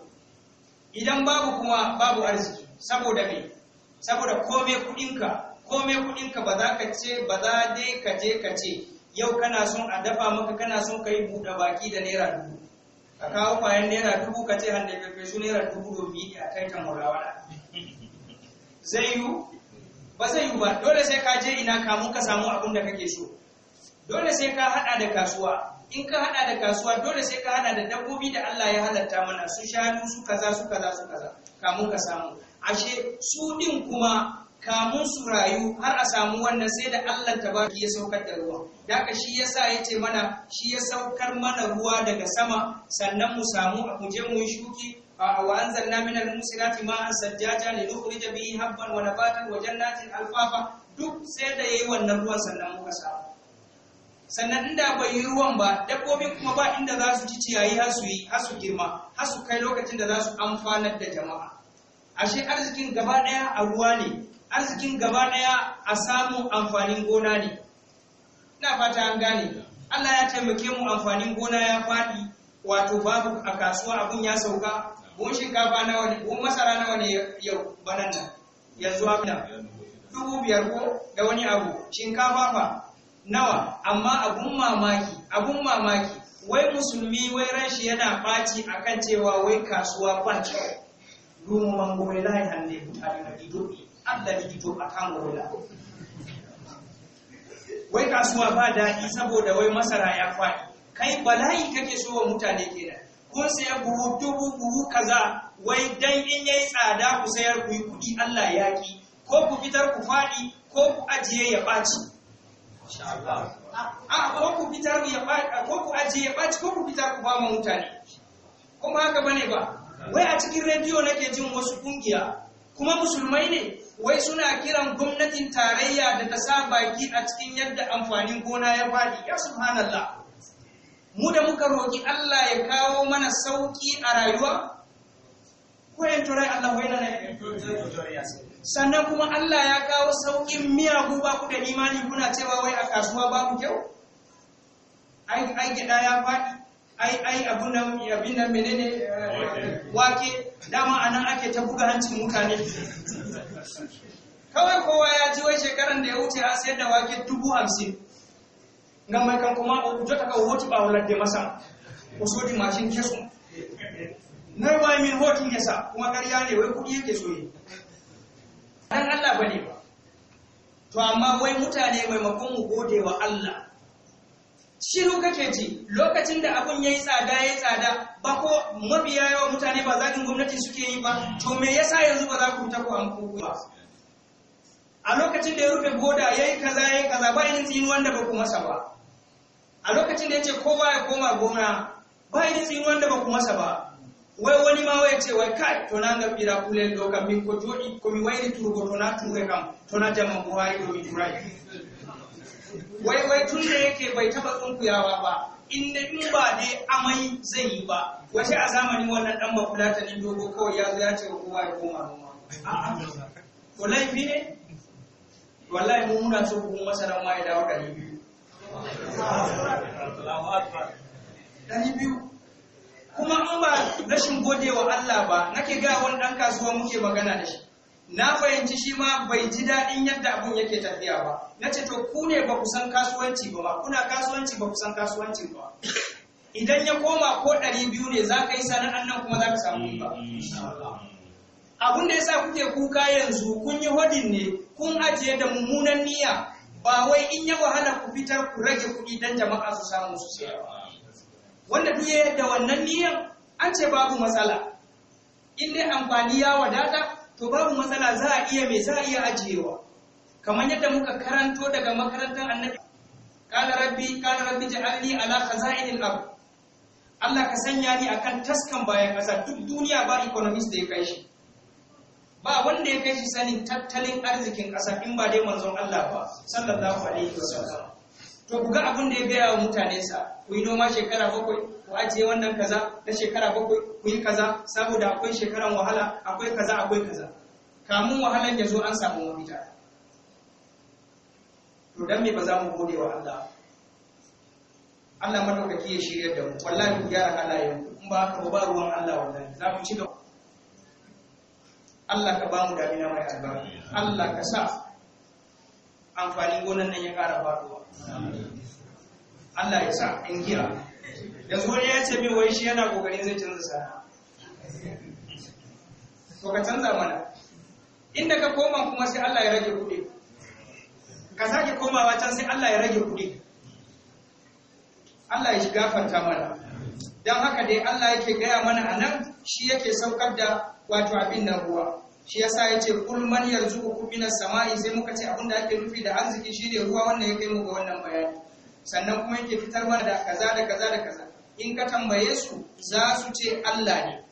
idan babu kuma babu arziki saboda me saboda kome kudinka kome kudinka ba za ka ce ba za dai ka je ka ce yau kana son a dafa maka kana son ka yi buɗe baki da naira dubu ka kawo kwayan naira dubu ka ce hande fefe su naira dubu domin a kai ta murawa zai yiwu ba zai yiwu ba dole sai ka je ina kamun ka samu abin da kake so dole sai ka haɗa da kasuwa in ka hada da kasuwa dole sai ka hada da dabbobi da Allah ya halatta mana su shanu su kaza su kaza su kaza kamun ka samu ashe su din kuma kamun su rayu har a samu wannan sai da Allah ta baki ya saukar da ruwa daka shi yasa yace mana shi ya saukar mana ruwa daga sama sannan mu samu a kuje mu shuki wa anzalna minal musirati ma'an sajjaja linukhrija bihi habban wa nabatan wa jannatin alfafa duk sai da yayi wannan ruwan sannan muka samu sannan inda bai yi ruwan ba dabbobin kuma ba inda za su ci ciyayi har su yi har su girma har su kai lokacin da za su amfanar da jama'a ashe arzikin gaba daya a ruwa ne arzikin gaba daya a samu amfanin gona ne ina fata an gane Allah ya taimake mu amfanin gona ya faɗi wato babu a kasuwa abun ya sauka buhun shinkafa nawa ne buhun masara nawa ne yau banan nan yanzu haka dubu biyar ko da wani abu shinkafa fa nawa amma abun mamaki abun mamaki wai musulmi wai ran yana ɓaci akan cewa wai kasuwa ba kyau dumu mango la ya hande gido Allah ya gido kan gola wai kasuwa ba daɗi saboda wai masara ya faɗi kai bala'i kake so wa mutane kenan kun sayar buhu dubu buhu kaza wai dan in yayi tsada ku sayar ku yi kuɗi Allah ya ki ko ku fitar ku faɗi ko ku ajiye ya ɓaci A'a, ko ku fitar ya ko ku ajiye ya ko ku fitar ku ba mutane kuma haka bane ba wai a cikin rediyo nake jin wasu kungiya kuma musulmai ne wai suna kiran gwamnatin tarayya da ta sa baki a cikin yadda amfanin gona ya faɗi ya subhanallah mu da muka roƙi Allah ya kawo mana sauƙi a rayuwa wayan turai Allah wai nan sannan kuma Allah ya kawo saukin miyagu ba ku da imani kuna cewa wai a kasuwa ba ku kyau ai ai gida ya faɗi ai ai abun nan abin nan menene wake eh, dama anan ake ta buga hancin mutane kawai kowa ya ji wai shekaran da ya wuce a sayar da wake dubu hamsin Ngam mai kan kuma o ka wuce ba wular masa o so mashin kesu narwa min hotun ya sa kuma karya ne wai kuɗi yake so ne dan Allah bane ba to amma wai mutane maimakon mu gode wa Allah shiru kake ji lokacin da abun yayi tsada yayi tsada ba ko mabiya yawa mutane ba za zakin gwamnati suke yi ba to me yasa yanzu ba za ku ta ku ba a lokacin da ya rufe boda yayi kaza yayi kaza ba yin tsini wanda ba ku masa ba a lokacin da yace kowa ya koma gona ba yin tsini wanda ba ku masa ba wai wani ma wai ce wai kai to na ngam ira kulen do kam min ko jodi ko mi wayni turgo to na tuwe kam to na jama buhari do mi turai wai wai tun da yake bai taba tsunkuyawa ba in dai in ba dai amai zai yi ba wace a zamanin wannan dan mafulata ne dogo kawai ya zo ya ce kowa ya koma a'a to laifi ne wallahi mu muna so buhun masaran ma ya dawo ɗari biyu biyu kuma in ba rashin wa Allah ba nake ga wani dan kasuwa muke magana da shi na fahimci shi ma bai ji daɗin yadda abun yake tafiya ba na ce to ku ne ba ku san kasuwanci ba kuna kasuwanci ba ku san kasuwanci ba idan ya koma ko ɗari biyu ne za ka yi sana'an nan kuma za ka samu ba abun da yasa kuke kuka yanzu kun yi hodin ne kun ajiye da mummunan niyya ba wai in ya wahala ku fitar ku rage kuɗi dan jama'a su samu su sayarwa wanda duk da wannan niyyar an ce babu matsala in dai amfani ya wadata to babu matsala za a iya mai za a iya ajiyewa kamar yadda muka karanto daga makarantar annabi kana rabbi kana rabbi ja'alni ala khaza'inil ab Allah ka sanya ni akan taskan bayan kasa duk duniya ba economist da ya kai shi ba wanda ya kai shi sanin tattalin arzikin ƙasa in ba dai manzon Allah ba sallallahu alaihi wasallam to ku ga abin da ya gaya wa mutane sa ku yi noma shekara bakwai ku ajiye wannan kaza na shekara bakwai ku yi kaza saboda akwai shekaran wahala akwai kaza akwai kaza kamun wahalan ya zo an samu mafita to dan me ba za mu gode wa Allah Allah madaukaki ya shirya da mu wallahi ku gyara halayen in ba haka ba ruwan Allah wallahi za ku ci gaba Allah ka ba mu damina mai albarka Allah ka sa amfanin gonan nan ya ƙara faruwa Allah ya sa in kira yanzu wani ya ce min wai shi yana kokari zai canza sana. to ka canza mana inda ka koma kuma sai Allah ya rage kuɗi ka sake komawa can sai Allah ya rage kuɗi Allah ya shi gafarta mana don haka dai Allah yake gaya mana a nan shi yake saukar da wato abin nan ruwa shi ya sa yasa ce kul man yarzuqukum minas sama'i sai muka ce abinda ake nufi da arziki shine ruwa wannan ya kai mu ga wannan bayani sannan kuma yake fitar mana da kaza da kaza da kaza in ka tambaye su za su ce Allah ne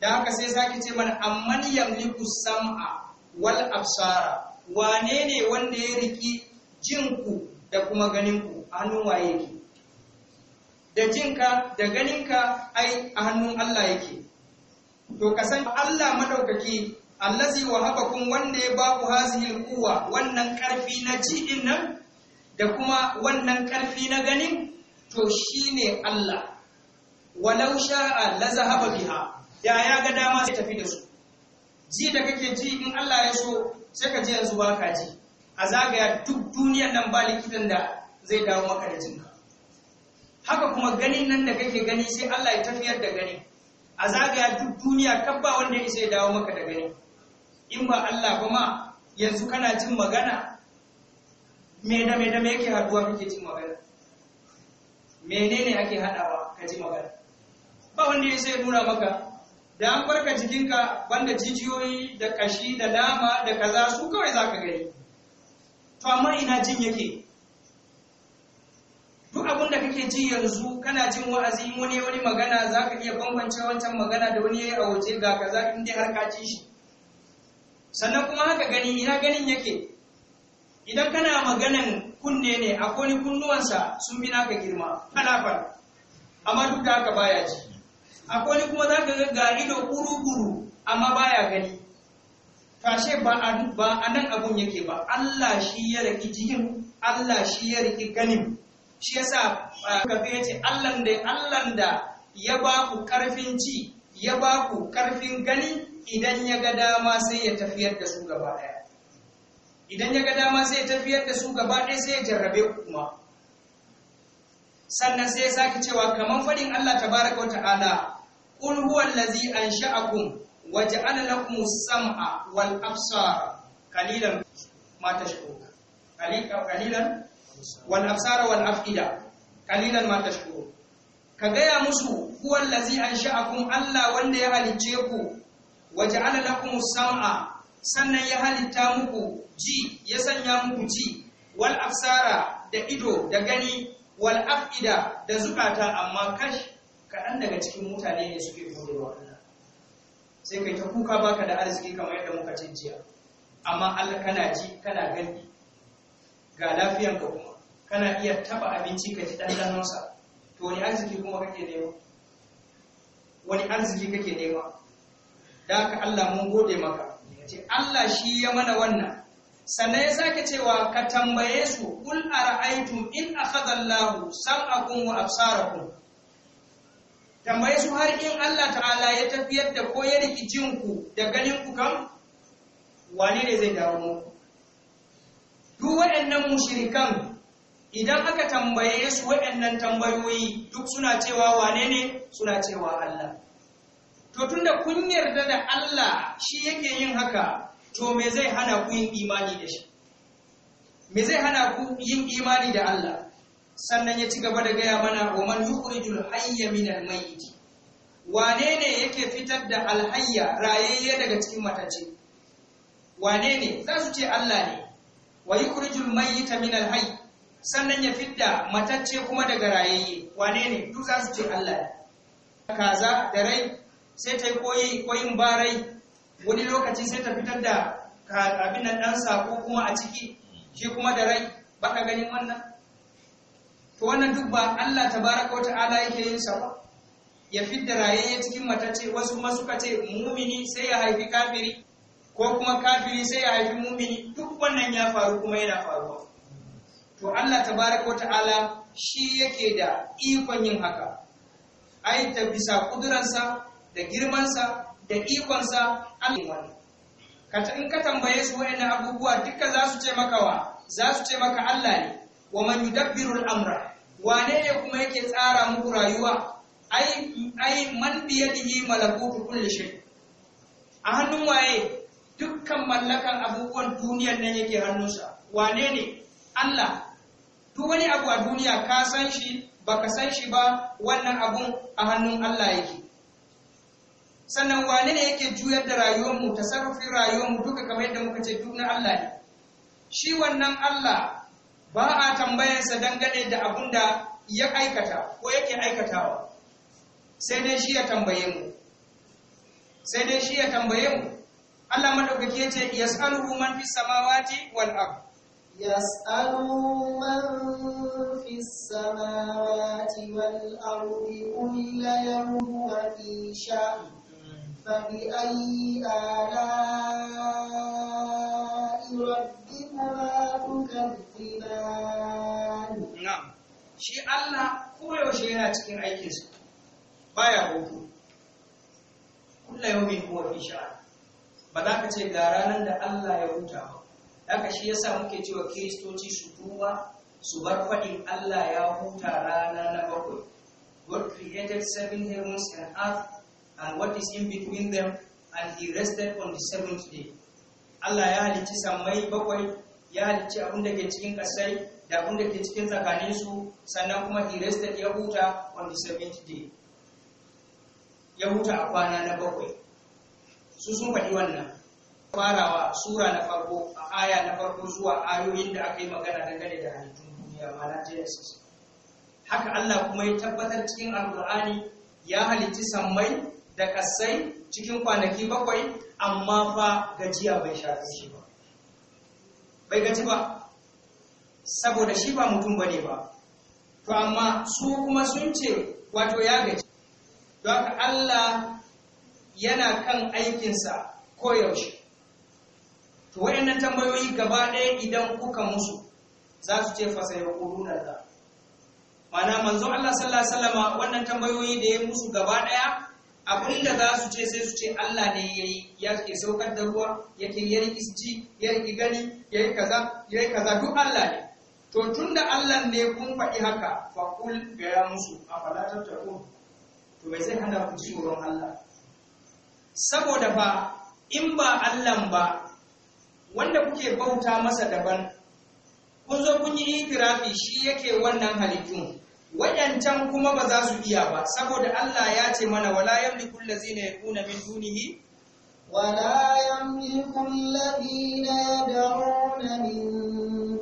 da haka sai sake ce mana amman yamliku sam'a wal absara wane ne wanda ya riki jinku da kuma ganinku a hannun waye yake da jinka da ganinka ai a hannun Allah yake to ka san Allah madaukaki allazi kun wanda ya ba ku hazihil kuwa wannan karfi na ji nan da kuma wannan karfi na ganin to shine Allah walau sha'a la zahaba biha ya ya ga dama sai tafi da su ji da kake ji in Allah ya so sai ka ji yanzu baka ji a zagaya duk duniyar nan ba likitan da zai dawo maka da jinka haka kuma ganin nan da kake gani sai Allah ya tafiyar da gani, a zagaya duk duniya kabba wanda ya dawo maka da gani in ba Allah ba ma yanzu kana cin magana me da me da me yake haduwa kake cin magana menene ake hadawa ka ji magana ba wanda ya sai nuna maka da an farka jikinka banda jijiyoyi da kashi da dama da kaza su kawai zaka gani to amma ina jin yake duk abin da kake ji yanzu kana jin wa'azi wani wani magana zaka iya bambance wancan magana da wani yayi a waje ga kaza in dai har ka ji shi sannan kuma haka gani ina ganin yake idan kana maganan kunne ne akwai kunnuwansa sun bi naka girma kana amma duk da haka baya ji akwai kuma za ka ga ido guru-guru amma baya gani tashe ba a nan abun yake ba Allah shi ya riki jihin Allah shi ya riki ganin shi yasa ya ce da Allah da ya ba ku karfin ci ya ba ku karfin gani idan ya ga dama sai ya tafiyar da su gaba ɗaya idan ya ga dama sai ya tafiyar da su gaba ɗaya sai ya jarrabe ku kuma sannan sai ya sake cewa kaman faɗin Allah tabaraka wa ta'ala qul huwa allazi ansha'akum wa ja'ala lakum sama wal absar qalilan ma tashkurun qalilan wal absar wal afida qalilan ma tashkurun ka gaya musu huwa allazi ansha'akum Allah wanda ya halicce ku waja'ala lakum sam'a sannan ya halitta muku ji ya sanya muku ji wal afsara da ido da gani wal afida da zukata amma kash kaɗan daga cikin mutane ne suke gode wa Allah sai kai ta kuka baka da arziki kamar yadda muka ce jiya amma Allah kana ji kana gani ga lafiyan ka kuma kana iya taba abinci ka ji dandanonsa to wani arziki kuma kake nema wani arziki kake nema da haka Allah mun gode maka ce Allah shi ya mana wannan sannan ya sake cewa ka tambaye su kul ara'aytu in akhadha Allahu sam'akum wa absarakum tambaye su har in Allah ta'ala ya tafiyar da ko ya rikicin ku da ganin ku kam wane ne zai dawo mu duk waɗannan mushrikan idan aka tambaye su waɗannan tambayoyi duk suna cewa wane ne suna cewa Allah to tunda kun yarda da Allah shi yake yin haka to me zai hana ku yin imani da shi me zai hana ku yin imani da Allah sannan ya ci gaba da gaya mana wa man yukhrijul hayya min al mayyit wane ne yake fitar da alhayya rayayye daga cikin matace wane ne za su ce Allah ne wa yukhrijul mayyita min al hayy sannan ya fidda matacce kuma daga rayayye wane ne duk za su ce Allah ne kaza da rai sai ta yi koyi koyin barai wani lokaci sai ta fitar da abin nan ɗan sako kuma a ciki shi kuma da rai ba ka ganin wannan to wannan duk ba Allah tabaraka Ta'ala yake yin sa ba ya fidda rayayya cikin matace wasu ma suka ce mumini sai ya haifi kafiri ko kuma kafiri sai ya haifi mumini duk wannan ya faru kuma yana faruwa to Allah tabaraka Ta'ala shi yake da ikon yin haka ai ta bisa kudurarsa? da girmansa da ikonsa amin wani in ka tambaye su waɗannan abubuwa duka za su ce maka wa za su ce maka Allah ne wa man amra wane ne kuma yake tsara muku rayuwa ai ai man biyadihi malakutu kulli shi. a hannun waye dukkan mallakan abubuwan duniyar nan yake hannunsa wane ne Allah duk wani abu a duniya ka san shi baka san shi ba wannan abun a hannun Allah yake sannan wane ne yake juyar da rayuwarmu sarrafin rayuwarmu duka kamar yadda muka ce duk na Allah ne shi wannan Allah ba a tambayarsa dangane da abun da ya aikata ko yake aikatawa sai dai shi ya tambaye mu sai dai shi ya tambaye mu Allah madaukaki ya ce yas'aluhu man fis samawati wal ardh yas'aluhu man fis samawati wal ardi kullu yawmin wa فبأي آلاء ربكما تكذبان نعم شيء الله كل يوم cikin aikinsa baya hutu kullu yawmin huwa fi sha'an ba za ka ce ga ranar da Allah ya huta ba haka shi yasa muke cewa kiristoci su duba su bar faɗin Allah ya huta rana na bakwai God created seven heavens and earth and what is in between them and he rested on the seventh day Allah ya halicci samai bakwai ya halicci abin da ke cikin kasai da abin da ke cikin tsakanin su sannan kuma he rested ya huta on the seventh day ya huta a kwana na bakwai su sun faɗi wannan farawa sura na farko a aya na farko zuwa ayoyin da aka yi magana dangane da halittun duniya mana genesis haka Allah kuma ya tabbatar cikin Alƙur'ani ya halicci sammai da kasai cikin kwanaki bakwai amma fa gajiya bai shafi shi ba bai gaji ba saboda shi ba mutum bane ba to amma su kuma sun ce wato ya gaji don haka Allah yana kan aikinsa koyaushe to waɗannan tambayoyi gaba ɗaya idan kuka musu za su ce fasa ya da mana manzon Allah sallallahu alaihi wasallama wannan tambayoyi da ya musu gaba ɗaya abin da za su ce sai su ce Allah ne ya yi ya ke saukar da ruwa ya ke ya isji ya yi gani ya yi kaza ya yi kaza duk Allah ne to tun da Allah ne kun faɗi haka fa kul gaya musu a falatar ta ko to bai zai hana ku tsoron Allah saboda ba in ba Allah ba wanda kuke bauta masa daban kun zo kun yi ikirafi shi yake wannan halittun wayancan kuma ba za su iya ba saboda Allah ya ce mana wala yamliku allazina yakuna min dunihi wala yamliku allazina yad'una min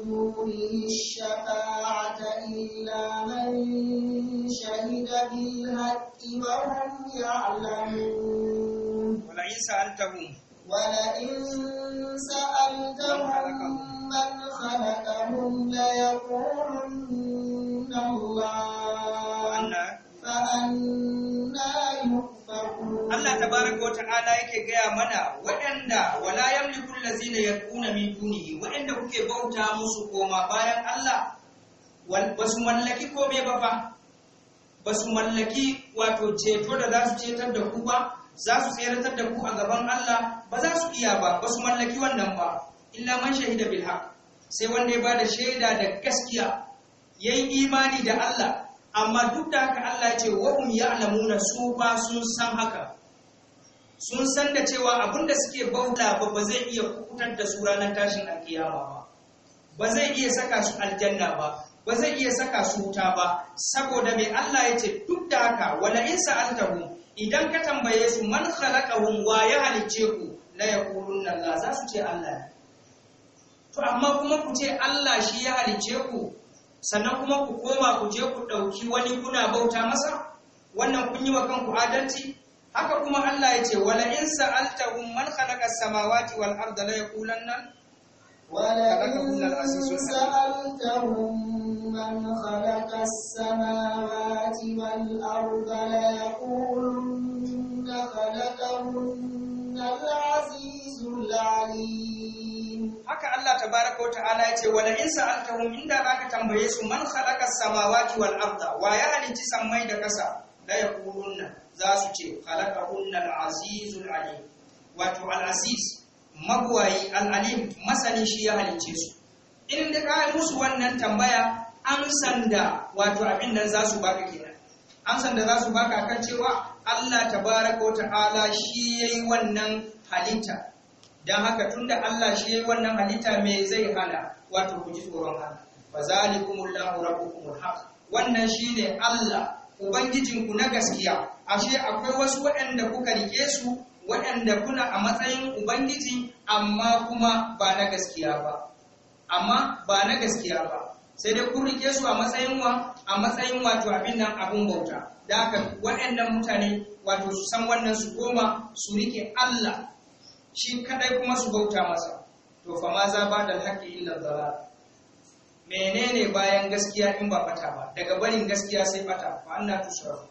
dunihi shafa'ata illa man shahida bil haqqi wa hum ya'lamun wala in sa'altahum wala in sa'altahum man khalaqahum la yaqulun Allah ta baraka wa ta'ala yake gaya mana waɗanda wala yamliku allazina yaquna min dunihi waɗanda kuke bauta musu koma bayan Allah basu mallaki kome ba fa basu mallaki wato ceto da za su cetar da ku ba za su tseratar da ku a gaban Allah ba za su iya ba basu mallaki wannan ba illa man shahida bil sai wanda ya bada shaida da gaskiya yayi imani da Allah amma duk da haka Allah ya ce wa hum ya'lamuna su ba sun san haka sun san da cewa abinda suke bauta ba ba zai iya kutar da su ranar tashin alkiyama ba ba zai iya saka su aljanna ba ba zai iya saka su wuta ba saboda mai Allah ya ce duk da haka wala in sa'altahum idan ka tambaye su man khalaqahum wa ya halice ku la yaqulunna Allah za su ce Allah to amma kuma ku ce Allah shi ya halice ku sannan kuma ku koma ku je ku ɗauki wani kuna bauta masa wannan kun yi wa kanku adalci haka kuma Allah ya ce wala in hum man khalaqa samawati wal arda la yaqulanna khalaqa samawati wal arda la yaqulanna ليقولن al azizul alim haka Allah ta baraka wata ala ya ce wala in sa'altahum inda ka tambaye su man khalaqa samawati wal arda wa ya halicci sammai da kasa la nan za su ce khalaqahunna al-azizul alim wato al-aziz magwayi al-alim masani shi ya halicce su in da ka musu wannan tambaya amsan da wato abin nan za su baka kenan amsan da za su baka kan cewa Allah tabaraka ala shi yayi wannan halitta dan haka tunda Allah shi wannan halitta me zai hana wato ku ji tsoron haka fa rabbukumul haq wannan shine Allah ubangijinku na gaskiya ashe akwai wasu waɗanda kuka rike su waɗanda kuna a matsayin ubangiji amma kuma ba na gaskiya ba amma ba na gaskiya ba sai dai ku rike su a matsayin wa a matsayin wato abin nan abun bauta da haka waɗannan mutane wato su san wannan su goma su rike Allah shi kadai kuma su bauta masa to fa ma za ba da illa zara menene bayan gaskiya in ba fata ba daga barin gaskiya sai fata fa anna tusrafu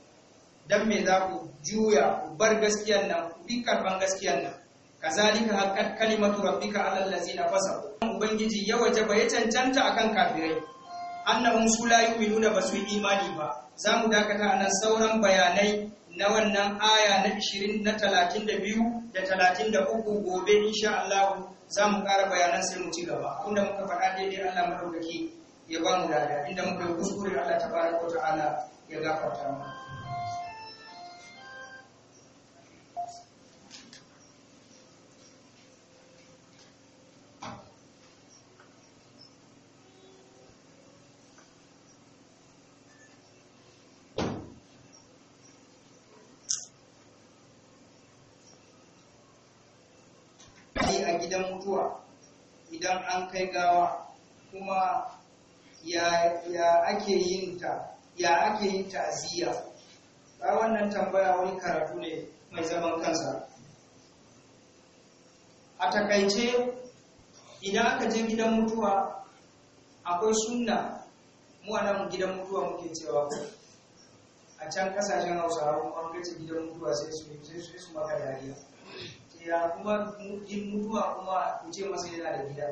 dan me za ku juya ku bar gaskiyan nan ku bi karban gaskiyan nan kazalika haqqat kalimatu rabbika alal ladzina fasaqu ubangiji ya wajaba ya cancanta akan kafirai annahum su minuna basu imani ba za mu dakata anan sauran bayanai na wannan aya na 20 na 32 da 33 gobe insha Allah za mu ƙara bayanan sai mu ci gaba inda muka faɗa daidai Allah madaukaki ya ba mu dada inda muka yi kuskure Allah ta tabaraka wa ta'ala ya gafarta mu idan mutuwa idan an kai gawa kuma ya ake yin ta ya ake yin ta'aziyya ba wannan tambaya wani karatu ne mai zaman kansa a takaice idan aka je gidan mutuwa akwai suna mu gidan mutuwa muke cewa a can kasashen hausa kuma an gaci gidan mutuwa sai su sai su maka dariya ya kuma yin mutuwa kuma ku ce masa yana da gida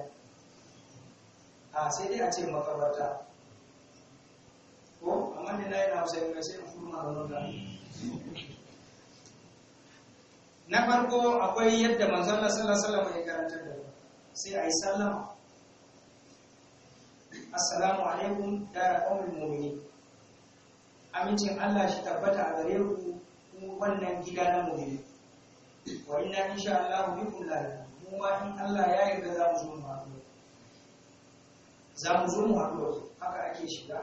a sai dai a ce makabarta ko amma da na yi na hausa yanka sai in furu ma zanen na farko akwai yadda manzon Allah sallallahu alaihi ya karanta da sai a yi sallama assalamu alaikum dara qaumul mu'minin amincin Allah shi tabbata a gare ku wannan gida na mu'mini wa na insha Allah bikum lahi mu ma in Allah ya yarda za mu zo mu haɗu za mu zo mu haɗu haka ake shiga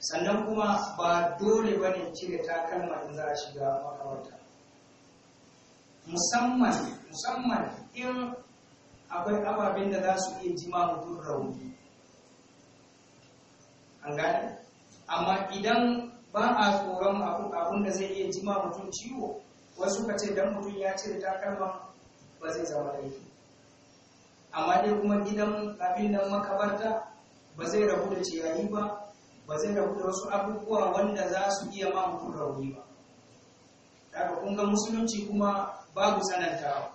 sannan kuma ba dole ba ne cire takalma in za a shiga makawarta musamman musamman in akwai ababen da za su iya jima mutum rauni an gane amma idan ba a tsoron abun da zai iya jima mutum ciwo wasu ka ce dan mutum ya ta takalma ba zai zama laifi amma dai kuma gidan abin nan makabarta ba zai rabu da ciyayi ba ba zai rabu da wasu abubuwa wanda za su iya ma mutum rauni ba daga kun ga musulunci kuma babu sananta.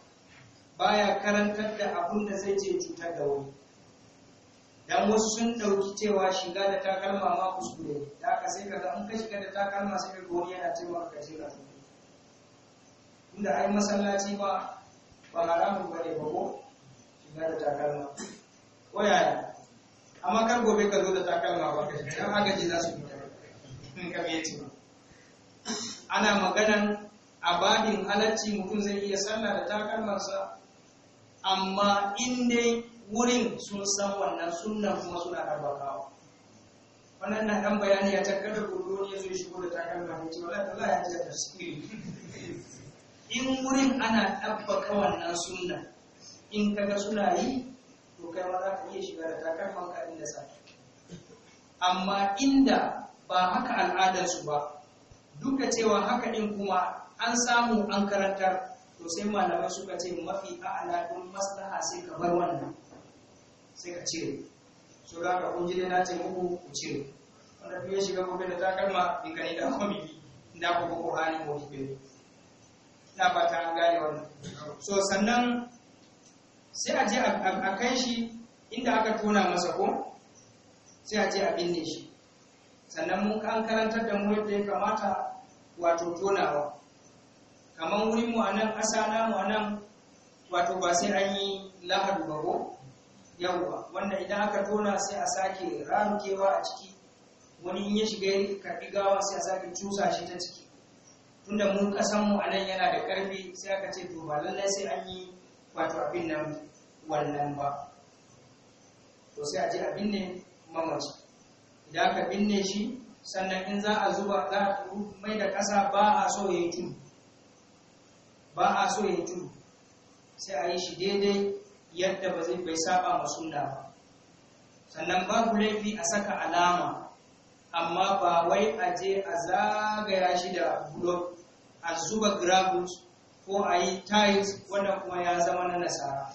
baya karantar da abunda da zai je cutar da wani dan wasu sun dauki cewa shiga da takalma ma kuskure da aka sai kaga in ka shiga da takalma sai ka ga wani yana cewa ka jira su inda ai masallaci ba ba haramun ba ne ba ko shiga da takalma ko yaya amma kar gobe ka zo da takalma ba kai dan agaji za su fita in ka bai ce ana maganan abadin halacci mutum zai iya sallah da takalmarsa amma in dai wurin sun san wannan sunnan kuma suna rabakawa wannan na dan bayani ya takkada gudu ne zai shigo da takalma ne ce wala ta ya ji da tasiri in wurin ana ɗabbaka wannan suna, in kaga suna yi to kai ma za ka iya shiga da takalmanka inda sa amma inda ba haka al'adarsu ba duk da cewa haka ɗin kuma an samu an karantar to sai malamai suka ce mafi a'ala don maslaha sai ka bar wannan sai ka cire so da ka kunji na ce muku ku cire wanda fiye shiga gobe da takalma in ka ni da kwamiki da ku ko hali mu ki ba ta an gane wannan so sannan sai a je a kai shi inda aka tona masa ko sai a je a binne shi sannan mun kan karantar da mu yadda ya kamata wato tonawa kamar wurin mu anan ƙasa na mu anan wato ba sai an yi lahadu ba ko ba. wanda idan aka tona sai a sake ramukewa a ciki wani in ya shiga ya karfi gawa sai a sake cusa shi ta ciki tunda mun kasan mu anan yana da karfi sai aka ce to ba lallai sai an yi wato abin nan wannan ba to sai a je a binne mamaci idan ka binne shi sannan in za a zuba za a mai da ƙasa ba a so ya yi tudu ba a so ya yi tudu sai a yi shi daidai yadda ba zai bai saba ma sunna ba sannan babu laifi a saka alama amma ba wai a je a zagaya shi da blok a zuba gravels ko a yi tiles wannan kuma ya zama na nasara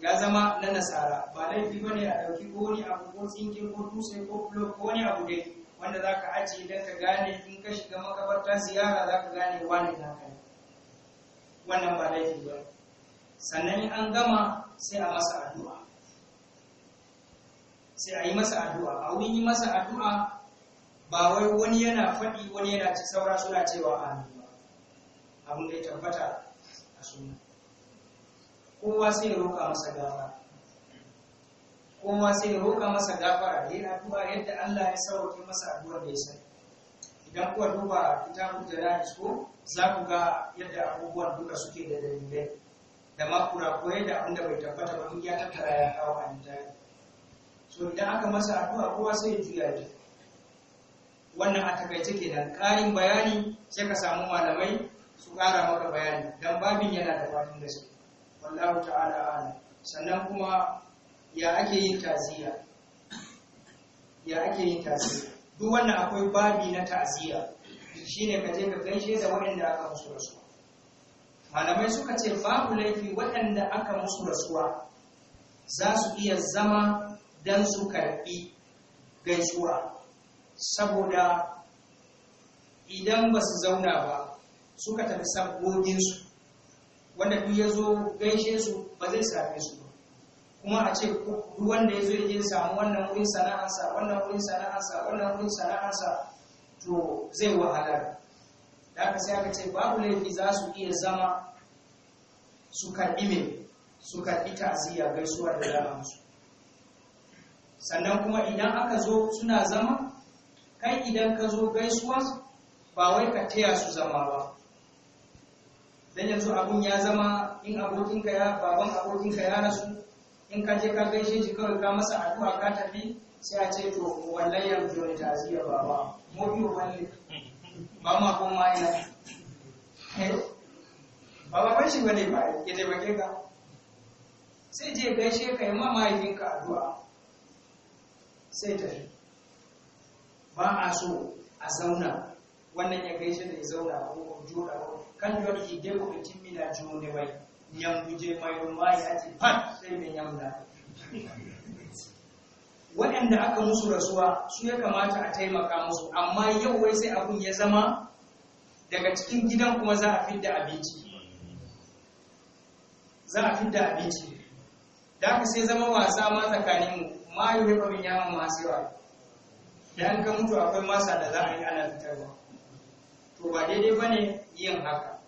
ya zama na nasara ba laifi ba ne a ɗauki ko wani abu ko tsinkin ko dutse ko blok ko wani abu dai wanda za ka ajiye don ka gane in ka shiga makabarta ziyara za ka gane wani na kai wannan ba laifi ba sannan an gama sai a masa addu'a sai a yi masa addu'a a wurin yi masa addu'a ba wai wani yana faɗi wani yana ci saura suna cewa amin ba abin da ya tabbata a suna kowa sai roƙa masa gafara kowa sai roƙa masa gafara yi addu'a yadda Allah ya sauƙi masa addu'a da ya sani idan kuwa duba kitabun na isko za ku ga yadda abubuwan duka suke da dalilai da makura ko da abin da bai tabbata ba in ya tattara ya kawo a littafi to idan aka masa addu'a kowa sai ya juya ji wannan a takaice nan ƙarin bayani sai ka samu malamai su ƙara maka bayani don babin yana da da gaske wallahu ta'ala ala sannan kuma ya ake yin taziya ya ake yin taziya duk wannan akwai babi na taziya shine ka je ka gaishe da waɗanda aka musu rasuwa malamai suka ce babu laifi waɗanda aka musu rasuwa za su iya zama don su karɓi gaisuwa saboda idan ba su zauna ba suka tafi sabboginsu wanda duk ya zo gaishe su ba zai same su ba kuma a ce duk wanda ya zo ya je samu wannan wurin sana'arsa wannan wurin sana'arsa wannan wurin sana'arsa to zai wahala da aka sai aka ce babu laifi za su iya zama su karɓi mai su karɓi ta'aziyya gaisuwa da za sannan kuma idan aka zo suna zama kai idan ka zo gaisuwa ba wai ka taya su zama ba dan yanzu abun ya zama in abokinka ya baban abokinka ya rasu in ka je ka gaishe shi kawai ka masa addu'a ka tafi sai a ce to wallahi zo ne taziya baba mu biyo wallahi ba ma kun ma ina ba ba shi bane ba da taimake ka sai je gaishe ka yi ma mahaifinka addu'a sai tafi ba a so a zauna wannan ya gaishe da ya zauna ko kogon joda ko kan yo ki de ko tin jone wai nyam guje mai ruwa ya ce pat sai mai nyam da waɗanda aka musu rasuwa su ya kamata a taimaka musu amma yau wai sai abun ya zama daga cikin gidan kuma za a fidda abinci za a fidda abinci da aka sai zama wasa ma tsakaninmu ma yi yi ɓarin yaman masu yawa idan ka mutu akwai masa da za a yi ana fitarwa to ba daidai ba ne yin haka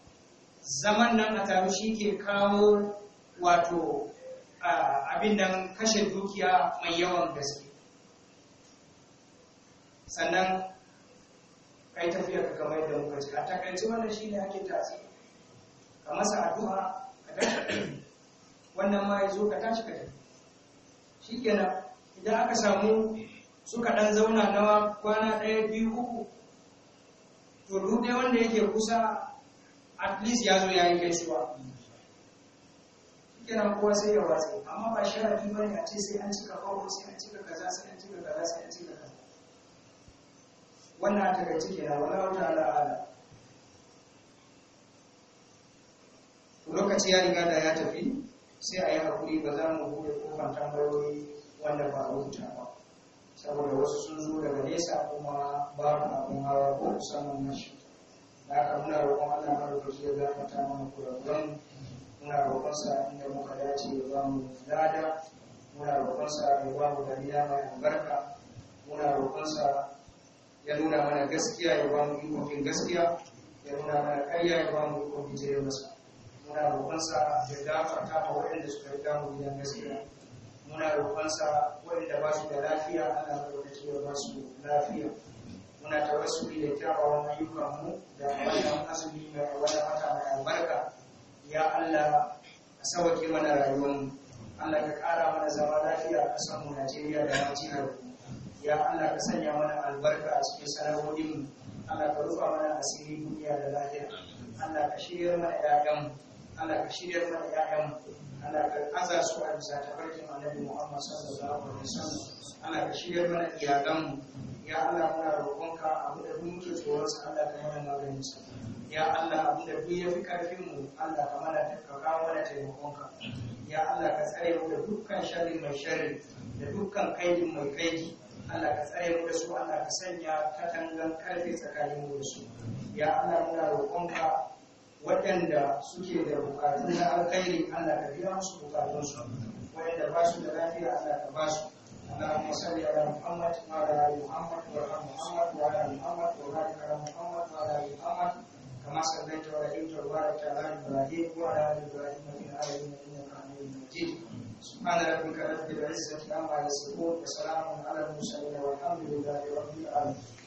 zaman nan a taru shi ke kawo wato abin nan kashe dukiya mai yawan gaske sannan kai tafiya ka kamar yadda muka ce a takaice wannan shi ne ake tasi ka masa addu'a ka tashi wannan ma ya zo ka tashi ka tafi shi kenan idan aka samu suka ɗan zauna nawa kwana ɗaya biyu uku to duk wanda yake kusa at least ya zo ya yi kai suwa kenan kowa sai ya watsa amma ba sharadi ba ne a ce sai an cika kawo sai an cika kaza sai an cika kaza sai an cika kaza wannan ta gaji kenan wala wata ala'ala lokaci ya riga da ya tafi sai a yi haƙuri ba za mu buɗe kofar tambayoyi wanda ba rubuta ba saboda wasu sun zo daga nesa kuma ba babu abin hawa ko musamman shi da aka muna roƙon Allah madaukaki ya gafarta mana kurakuran muna roƙon sa inda muka dace ya ba mu lada muna roƙon sa ya ba mu dariya mai albarka muna roƙon sa ya nuna mana gaskiya ya ba mu ikon gaskiya ya nuna mana ƙarya ya ba mu ikon bijire masa muna roƙon sa ya gafarta ma waɗanda suka yi damu gidan gaskiya muna roƙonsa wanda ba su da lafiya ana roƙonsa da ba su lafiya muna tawassuli da kyawawan ayyukan mu da wannan azumi mai wannan mata mai albarka ya Allah ka sauke mana rayuwar mu Allah ka ƙara mana zama lafiya a ƙasar mu Najeriya da Najeriya ya Allah ka sanya mana albarka a cikin sana'o'in mu Allah ka rufa mana asiri duniya da lafiya Allah ka shirya mana 'ya'yan mu Allah ka shirya mana ƴaƴan Allah ka aza su a bisa tafarkin Annabi Muhammad sallallahu alaihi wasallam Allah ka shirya mana iyalan ya Allah muna roƙonka abu da muke tsoron sa Allah ka mana maganin sa ya Allah abu da duk yafi karfin mu Allah ka mana ka kawo mana taimakonka ya Allah ka tsare mu da dukkan sharri mai sharri da dukkan kaidin mai kaidi Allah ka tsare mu da su Allah ka sanya katangan karfe tsakanin mu da su ya Allah muna roƙonka waɗanda suke da bukatun na alkhairi Allah ka biya musu su waɗanda ba su da lafiya Allah ka ba su اللهم صل على محمد وعلى ال محمد وارحم محمد وعلى ال محمد وبارك على محمد وعلى ال محمد كما صليت ورحمت وباركت على ابراهيم وعلى ال ابراهيم في العالمين انك حميد مجيد سبحان ربك رب العزه عما يصفون وسلام على المرسلين والحمد لله رب العالمين